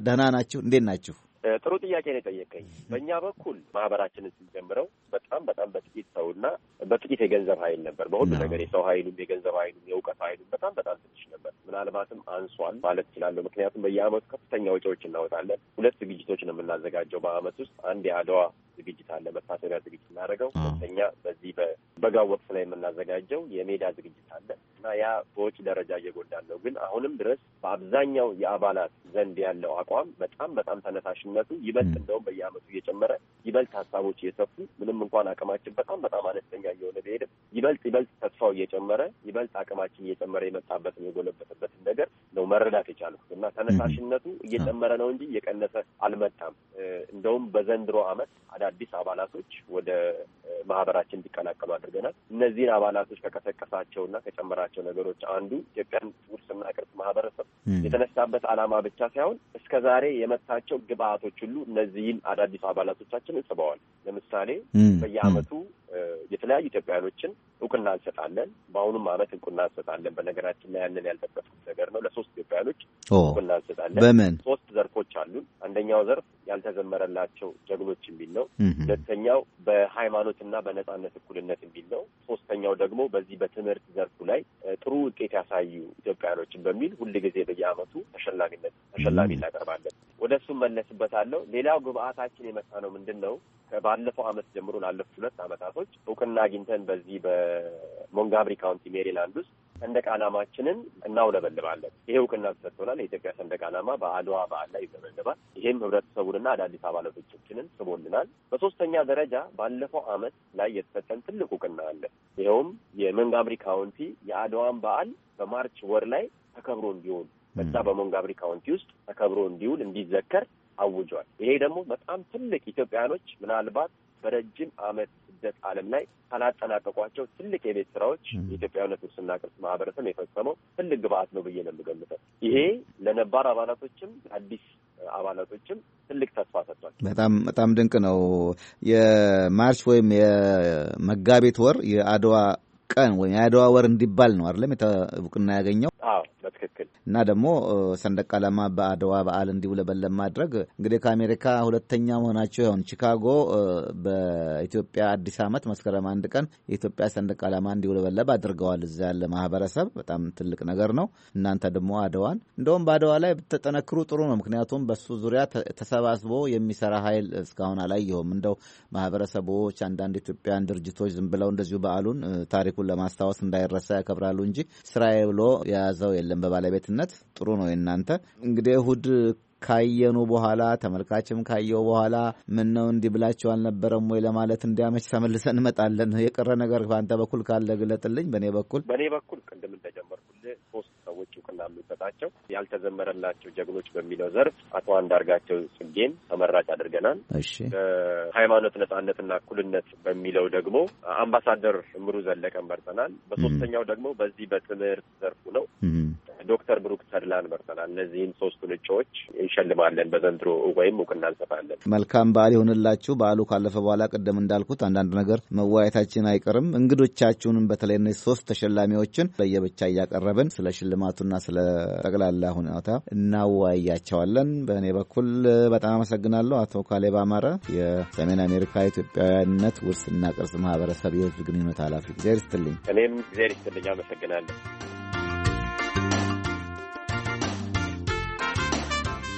ደህና ናችሁ? እንዴት ናችሁ? ጥሩ ጥያቄ ነው የጠየቀኝ። በእኛ በኩል ማህበራችንን ስንጀምረው በጣም በጣም በጥቂት ሰውና በጥቂት የገንዘብ ኃይል ነበር። በሁሉ ነገር የሰው ኃይሉም የገንዘብ ኃይሉም የእውቀት ኃይሉም በጣም በጣም ትንሽ ነበር። ምናልባትም አንሷል ማለት እችላለሁ። ምክንያቱም በየአመቱ ከፍተኛ ወጪዎች እናወጣለን። ሁለት ዝግጅቶች ነው የምናዘጋጀው በአመት ውስጥ አንድ የአድዋ ዝግጅት አለ፣ መታሰቢያ ዝግጅት እናደርገው። ሁለተኛ በዚህ በበጋው ወቅት ላይ የምናዘጋጀው የሜዳ ዝግጅት አለ እና ያ በውጭ ደረጃ እየጎዳን ነው። ግን አሁንም ድረስ በአብዛኛው የአባላት ዘንድ ያለው አቋም በጣም በጣም ተነሳሽ ተደራሽነቱ ይበልጥ እንደውም በየአመቱ እየጨመረ ይበልጥ ሀሳቦች እየሰፉ ምንም እንኳን አቅማችን በጣም በጣም አነስተኛ እየሆነ ቢሄድም ይበልጥ ይበልጥ ተስፋው እየጨመረ ይበልጥ አቅማችን እየጨመረ የመጣበትን የጎለበተበትን ነገር ነው መረዳት የቻልኩት እና ተነሳሽነቱ እየጨመረ ነው እንጂ እየቀነሰ አልመጣም። እንደውም በዘንድሮ አመት አዳዲስ አባላቶች ወደ ማህበራችን እንዲቀላቀሉ አድርገናል። እነዚህን አባላቶች ከቀሰቀሳቸውና ከጨመራቸው ነገሮች አንዱ ኢትዮጵያን ውርስና ቅርስ ማህበረሰብ የተነሳበት አላማ ብቻ ሳይሆን እስከ ዛሬ የመታቸው ግብአ አባላቶች ሁሉ እነዚህን አዳዲስ አባላቶቻችን እንስበዋል። ለምሳሌ በየአመቱ የተለያዩ ኢትዮጵያውያኖችን እውቅና እንሰጣለን። በአሁኑም አመት እውቅና እንሰጣለን። በነገራችን ላይ ያንን ያልጠቀስኩት ነገር ነው። ለሶስት ኢትዮጵያውያኖች እውቅና እንሰጣለን። በምን ሶስት ዘርፎች አሉን። አንደኛው ዘርፍ ያልተዘመረላቸው ጀግኖች የሚል ነው። ሁለተኛው በሃይማኖትና በነጻነት እኩልነት የሚል ነው። ሶስተኛው ደግሞ በዚህ በትምህርት ዘርፉ ላይ ጥሩ ውጤት ያሳዩ ኢትዮጵያውያኖችን በሚል ጊዜ በየአመቱ ተሸላሚነት ተሸላሚ እናቀርባለን። ወደ እሱም መለስበታለሁ። ሌላው ግብአታችን የመጣ ነው ምንድን ነው? ከባለፈው አመት ጀምሮ ላለፉት ሁለት አመታት ጥናቶች እውቅና አግኝተን በዚህ በሞንጋብሪ ካውንቲ ሜሪላንድ ውስጥ ሰንደቅ ዓላማችንን እናውለበልባለን። ይሄ እውቅና ተሰጥቶናል። የኢትዮጵያ ሰንደቅ ዓላማ በአድዋ በዓል ላይ ይውለበልባል። ይህም ህብረተሰቡንና አዳዲስ አባላቶቻችንን ስቦልናል። በሶስተኛ ደረጃ ባለፈው ዓመት ላይ የተሰጠን ትልቅ እውቅና አለ። ይኸውም የሞንጋብሪ ካውንቲ የአድዋን በዓል በማርች ወር ላይ ተከብሮ እንዲውል በዛ በሞንጋብሪ ካውንቲ ውስጥ ተከብሮ እንዲውል እንዲዘከር አውጇል። ይሄ ደግሞ በጣም ትልቅ ኢትዮጵያኖች ምናልባት በረጅም አመት ስደት አለም ላይ ካላጠናቀቋቸው ትልቅ የቤት ስራዎች የኢትዮጵያዊነት ውስና ቅርስ ማህበረሰብ የፈጸመው ትልቅ ግብአት ነው ብዬ ነው የምገምተው። ይሄ ለነባር አባላቶችም አዲስ አባላቶችም ትልቅ ተስፋ ሰጥቷል። በጣም በጣም ድንቅ ነው። የማርች ወይም የመጋቢት ወር የአድዋ ቀን ወይም የአድዋ ወር እንዲባል ነው አይደለም? እውቅና ያገኘው። አዎ በትክክል እና ደግሞ ሰንደቅ ዓላማ በአድዋ በዓል እንዲውለበለብ ማድረግ እንግዲህ ከአሜሪካ ሁለተኛ መሆናቸው ይሆን? ቺካጎ በኢትዮጵያ አዲስ ዓመት መስከረም አንድ ቀን የኢትዮጵያ ሰንደቅ ዓላማ እንዲውለበለብ አድርገዋል። እዚ ያለ ማህበረሰብ በጣም ትልቅ ነገር ነው። እናንተ ደግሞ አድዋን እንደውም በአድዋ ላይ ብትጠነክሩ ጥሩ ነው። ምክንያቱም በሱ ዙሪያ ተሰባስቦ የሚሰራ ኃይል እስካሁን አላየሁም። እንደው ማህበረሰቦች፣ አንዳንድ ኢትዮጵያን ድርጅቶች ዝም ብለው እንደዚሁ በዓሉን ታሪኩን ለማስታወስ እንዳይረሳ ያከብራሉ እንጂ ስራዬ ብሎ የያዘው የለም። እናያለን በባለቤትነት ጥሩ ነው። የእናንተ እንግዲህ እሁድ ካየኑ በኋላ ተመልካችም ካየው በኋላ ምን ነው እንዲህ ብላችሁ አልነበረም ወይ ለማለት እንዲያመች ተመልሰን እንመጣለን። የቀረ ነገር በአንተ በኩል ካለ ግለጥልኝ። በእኔ በኩል በእኔ በኩል ቅድም እንደጀመርኩልህ ሶስት ሰዎች እውቅና የምንሰጣቸው ያልተዘመረላቸው ጀግኖች በሚለው ዘርፍ አቶ አንዳርጋቸው ጽጌን ተመራጭ አድርገናል። እሺ ሃይማኖት ነጻነትና እኩልነት በሚለው ደግሞ አምባሳደር እምሩ ዘለቀን መርጠናል። በሶስተኛው ደግሞ በዚህ በትምህርት ዘርፉ ነው ዶክተር ብሩክ ተድላን መርጠናል። እነዚህን ሶስቱን እጩዎች እንሸልማለን በዘንድሮ ወይም እውቅና እንሰጣለን። መልካም በዓል ይሆንላችሁ። በዓሉ ካለፈ በኋላ ቅድም እንዳልኩት አንዳንድ ነገር መወያየታችን አይቀርም። እንግዶቻችሁንም በተለይ እነዚህ ሶስት ተሸላሚዎችን ለየብቻ እያቀረብን ስለ ሽልማቱና ስለ ጠቅላላ ሁኔታ እናወያያቸዋለን። በእኔ በኩል በጣም አመሰግናለሁ። አቶ ካሌብ አማረ የሰሜን አሜሪካ ኢትዮጵያውያንነት ውርስና ቅርስ ማህበረሰብ የህዝብ ግንኙነት ኃላፊ። እግዚአብሔር ይስጥልኝ። እኔም እግዚአብሔር ይስጥልኝ አመሰግናለሁ።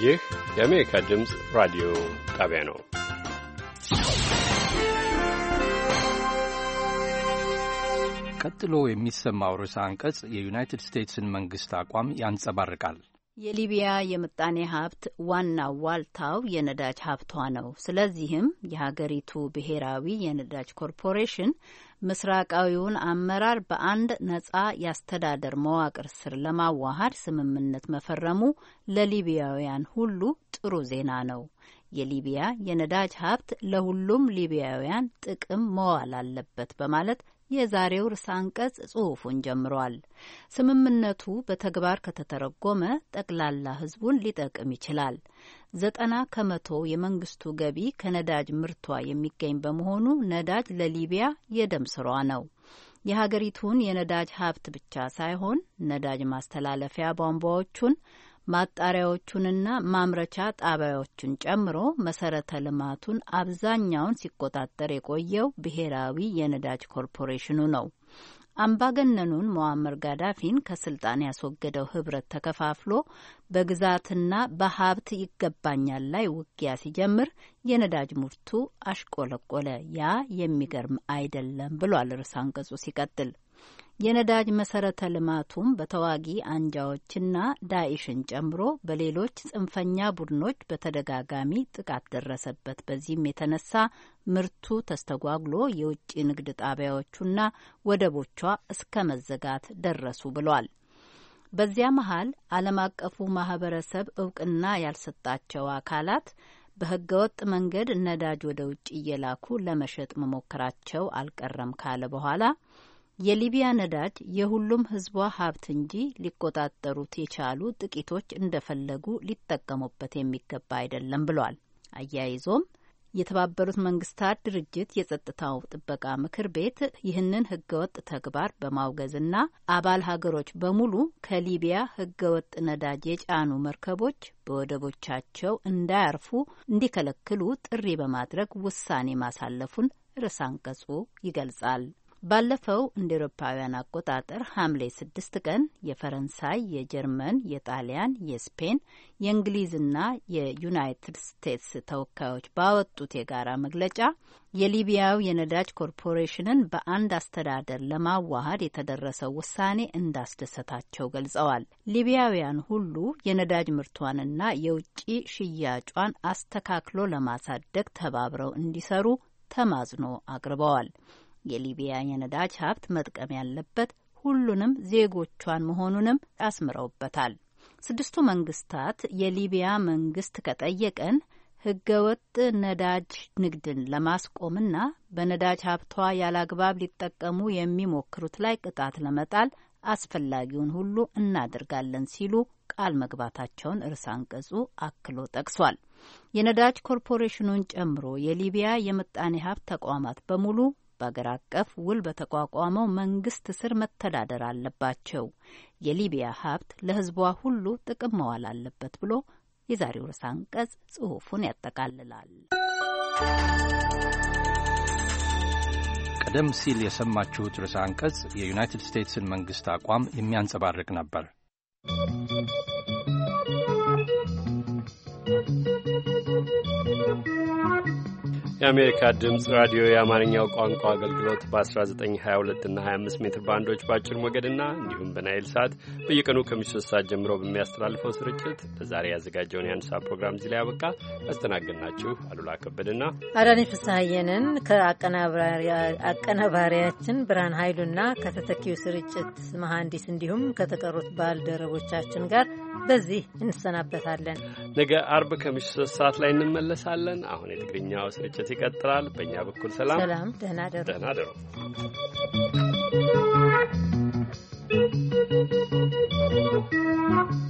ይህ የአሜሪካ ድምፅ ራዲዮ ጣቢያ ነው። ቀጥሎ የሚሰማው ርዕሰ አንቀጽ የዩናይትድ ስቴትስን መንግሥት አቋም ያንጸባርቃል። የሊቢያ የምጣኔ ሀብት ዋና ዋልታው የነዳጅ ሀብቷ ነው። ስለዚህም የሀገሪቱ ብሔራዊ የነዳጅ ኮርፖሬሽን ምስራቃዊውን አመራር በአንድ ነጻ የአስተዳደር መዋቅር ስር ለማዋሃድ ስምምነት መፈረሙ ለሊቢያውያን ሁሉ ጥሩ ዜና ነው። የሊቢያ የነዳጅ ሀብት ለሁሉም ሊቢያውያን ጥቅም መዋል አለበት በማለት የዛሬው ርዕሰ አንቀጽ ጽሑፉን ጀምሯል። ስምምነቱ በተግባር ከተተረጎመ ጠቅላላ ሕዝቡን ሊጠቅም ይችላል። ዘጠና ከመቶ የመንግስቱ ገቢ ከነዳጅ ምርቷ የሚገኝ በመሆኑ ነዳጅ ለሊቢያ የደም ስሯ ነው። የሀገሪቱን የነዳጅ ሀብት ብቻ ሳይሆን ነዳጅ ማስተላለፊያ ቧንቧዎቹን ማጣሪያዎቹንና ማምረቻ ጣቢያዎቹን ጨምሮ መሰረተ ልማቱን አብዛኛውን ሲቆጣጠር የቆየው ብሔራዊ የነዳጅ ኮርፖሬሽኑ ነው። አምባገነኑን ሞአመር ጋዳፊን ከስልጣን ያስወገደው ህብረት ተከፋፍሎ በግዛትና በሀብት ይገባኛል ላይ ውጊያ ሲጀምር የነዳጅ ምርቱ አሽቆለቆለ። ያ የሚገርም አይደለም ብሏል ርዕሰ አንቀጹ ሲቀጥል የነዳጅ መሰረተ ልማቱም በተዋጊ አንጃዎችና ዳኢሽን ጨምሮ በሌሎች ጽንፈኛ ቡድኖች በተደጋጋሚ ጥቃት ደረሰበት። በዚህም የተነሳ ምርቱ ተስተጓጉሎ የውጭ ንግድ ጣቢያዎቹና ወደቦቿ እስከ መዘጋት ደረሱ ብሏል። በዚያ መሀል ዓለም አቀፉ ማህበረሰብ እውቅና ያልሰጣቸው አካላት በህገወጥ መንገድ ነዳጅ ወደ ውጭ እየላኩ ለመሸጥ መሞከራቸው አልቀረም ካለ በኋላ የሊቢያ ነዳጅ የሁሉም ህዝቧ ሀብት እንጂ ሊቆጣጠሩት የቻሉ ጥቂቶች እንደፈለጉ ሊጠቀሙበት የሚገባ አይደለም ብሏል። አያይዞም የተባበሩት መንግስታት ድርጅት የጸጥታው ጥበቃ ምክር ቤት ይህንን ህገወጥ ተግባር በማውገዝና አባል ሀገሮች በሙሉ ከሊቢያ ህገወጥ ነዳጅ የጫኑ መርከቦች በወደቦቻቸው እንዳያርፉ እንዲከለክሉ ጥሪ በማድረግ ውሳኔ ማሳለፉን ርዕሰ አንቀጹ ይገልጻል። ባለፈው እንደ ኤሮፓውያን አቆጣጠር ሐምሌ ስድስት ቀን የፈረንሳይ፣ የጀርመን፣ የጣሊያን፣ የስፔን፣ የእንግሊዝና የዩናይትድ ስቴትስ ተወካዮች ባወጡት የጋራ መግለጫ የሊቢያው የነዳጅ ኮርፖሬሽንን በአንድ አስተዳደር ለማዋሃድ የተደረሰው ውሳኔ እንዳስደሰታቸው ገልጸዋል። ሊቢያውያን ሁሉ የነዳጅ ምርቷንና የውጭ ሽያጯን አስተካክሎ ለማሳደግ ተባብረው እንዲሰሩ ተማጽኖ አቅርበዋል። የሊቢያ የነዳጅ ሀብት መጥቀም ያለበት ሁሉንም ዜጎቿን መሆኑንም አስምረውበታል። ስድስቱ መንግስታት የሊቢያ መንግስት ከጠየቀን ህገወጥ ነዳጅ ንግድን ለማስቆምና በነዳጅ ሀብቷ ያላግባብ ሊጠቀሙ የሚሞክሩት ላይ ቅጣት ለመጣል አስፈላጊውን ሁሉ እናደርጋለን ሲሉ ቃል መግባታቸውን ርዕሰ አንቀጹ አክሎ ጠቅሷል። የነዳጅ ኮርፖሬሽኑን ጨምሮ የሊቢያ የምጣኔ ሀብት ተቋማት በሙሉ በአገር አቀፍ ውል በተቋቋመው መንግስት ስር መተዳደር አለባቸው። የሊቢያ ሀብት ለህዝቧ ሁሉ ጥቅም መዋል አለበት ብሎ የዛሬው ርዕሰ አንቀጽ ጽሑፉን ያጠቃልላል። ቀደም ሲል የሰማችሁት ርዕሰ አንቀጽ የዩናይትድ ስቴትስን መንግስት አቋም የሚያንጸባርቅ ነበር። የአሜሪካ ድምፅ ራዲዮ የአማርኛው ቋንቋ አገልግሎት በ1922 እና 25 ሜትር ባንዶች በአጭር ሞገድና እንዲሁም በናይል ሰዓት በየቀኑ ከምሽቱ ሶስት ሰዓት ጀምሮ በሚያስተላልፈው ስርጭት በዛሬ ያዘጋጀውን የአንድ ሰዓት ፕሮግራም እዚህ ላይ ያበቃ። ያስተናገድናችሁ አሉላ ከበድና አዳኒ ፍስሐየንን ከአቀናባሪያችን ብርሃን ኃይሉና ከተተኪው ስርጭት መሐንዲስ እንዲሁም ከተቀሩት ባልደረቦቻችን ጋር በዚህ እንሰናበታለን። ነገ አርብ ከምሽቱ ሶስት ሰዓት ላይ እንመለሳለን። አሁን የትግርኛው ስርጭት ዝግጅት ይቀጥላል። በእኛ በኩል ሰላም ሰላም፣ ደህና ደሩ፣ ደህና ደሩ። Thank you.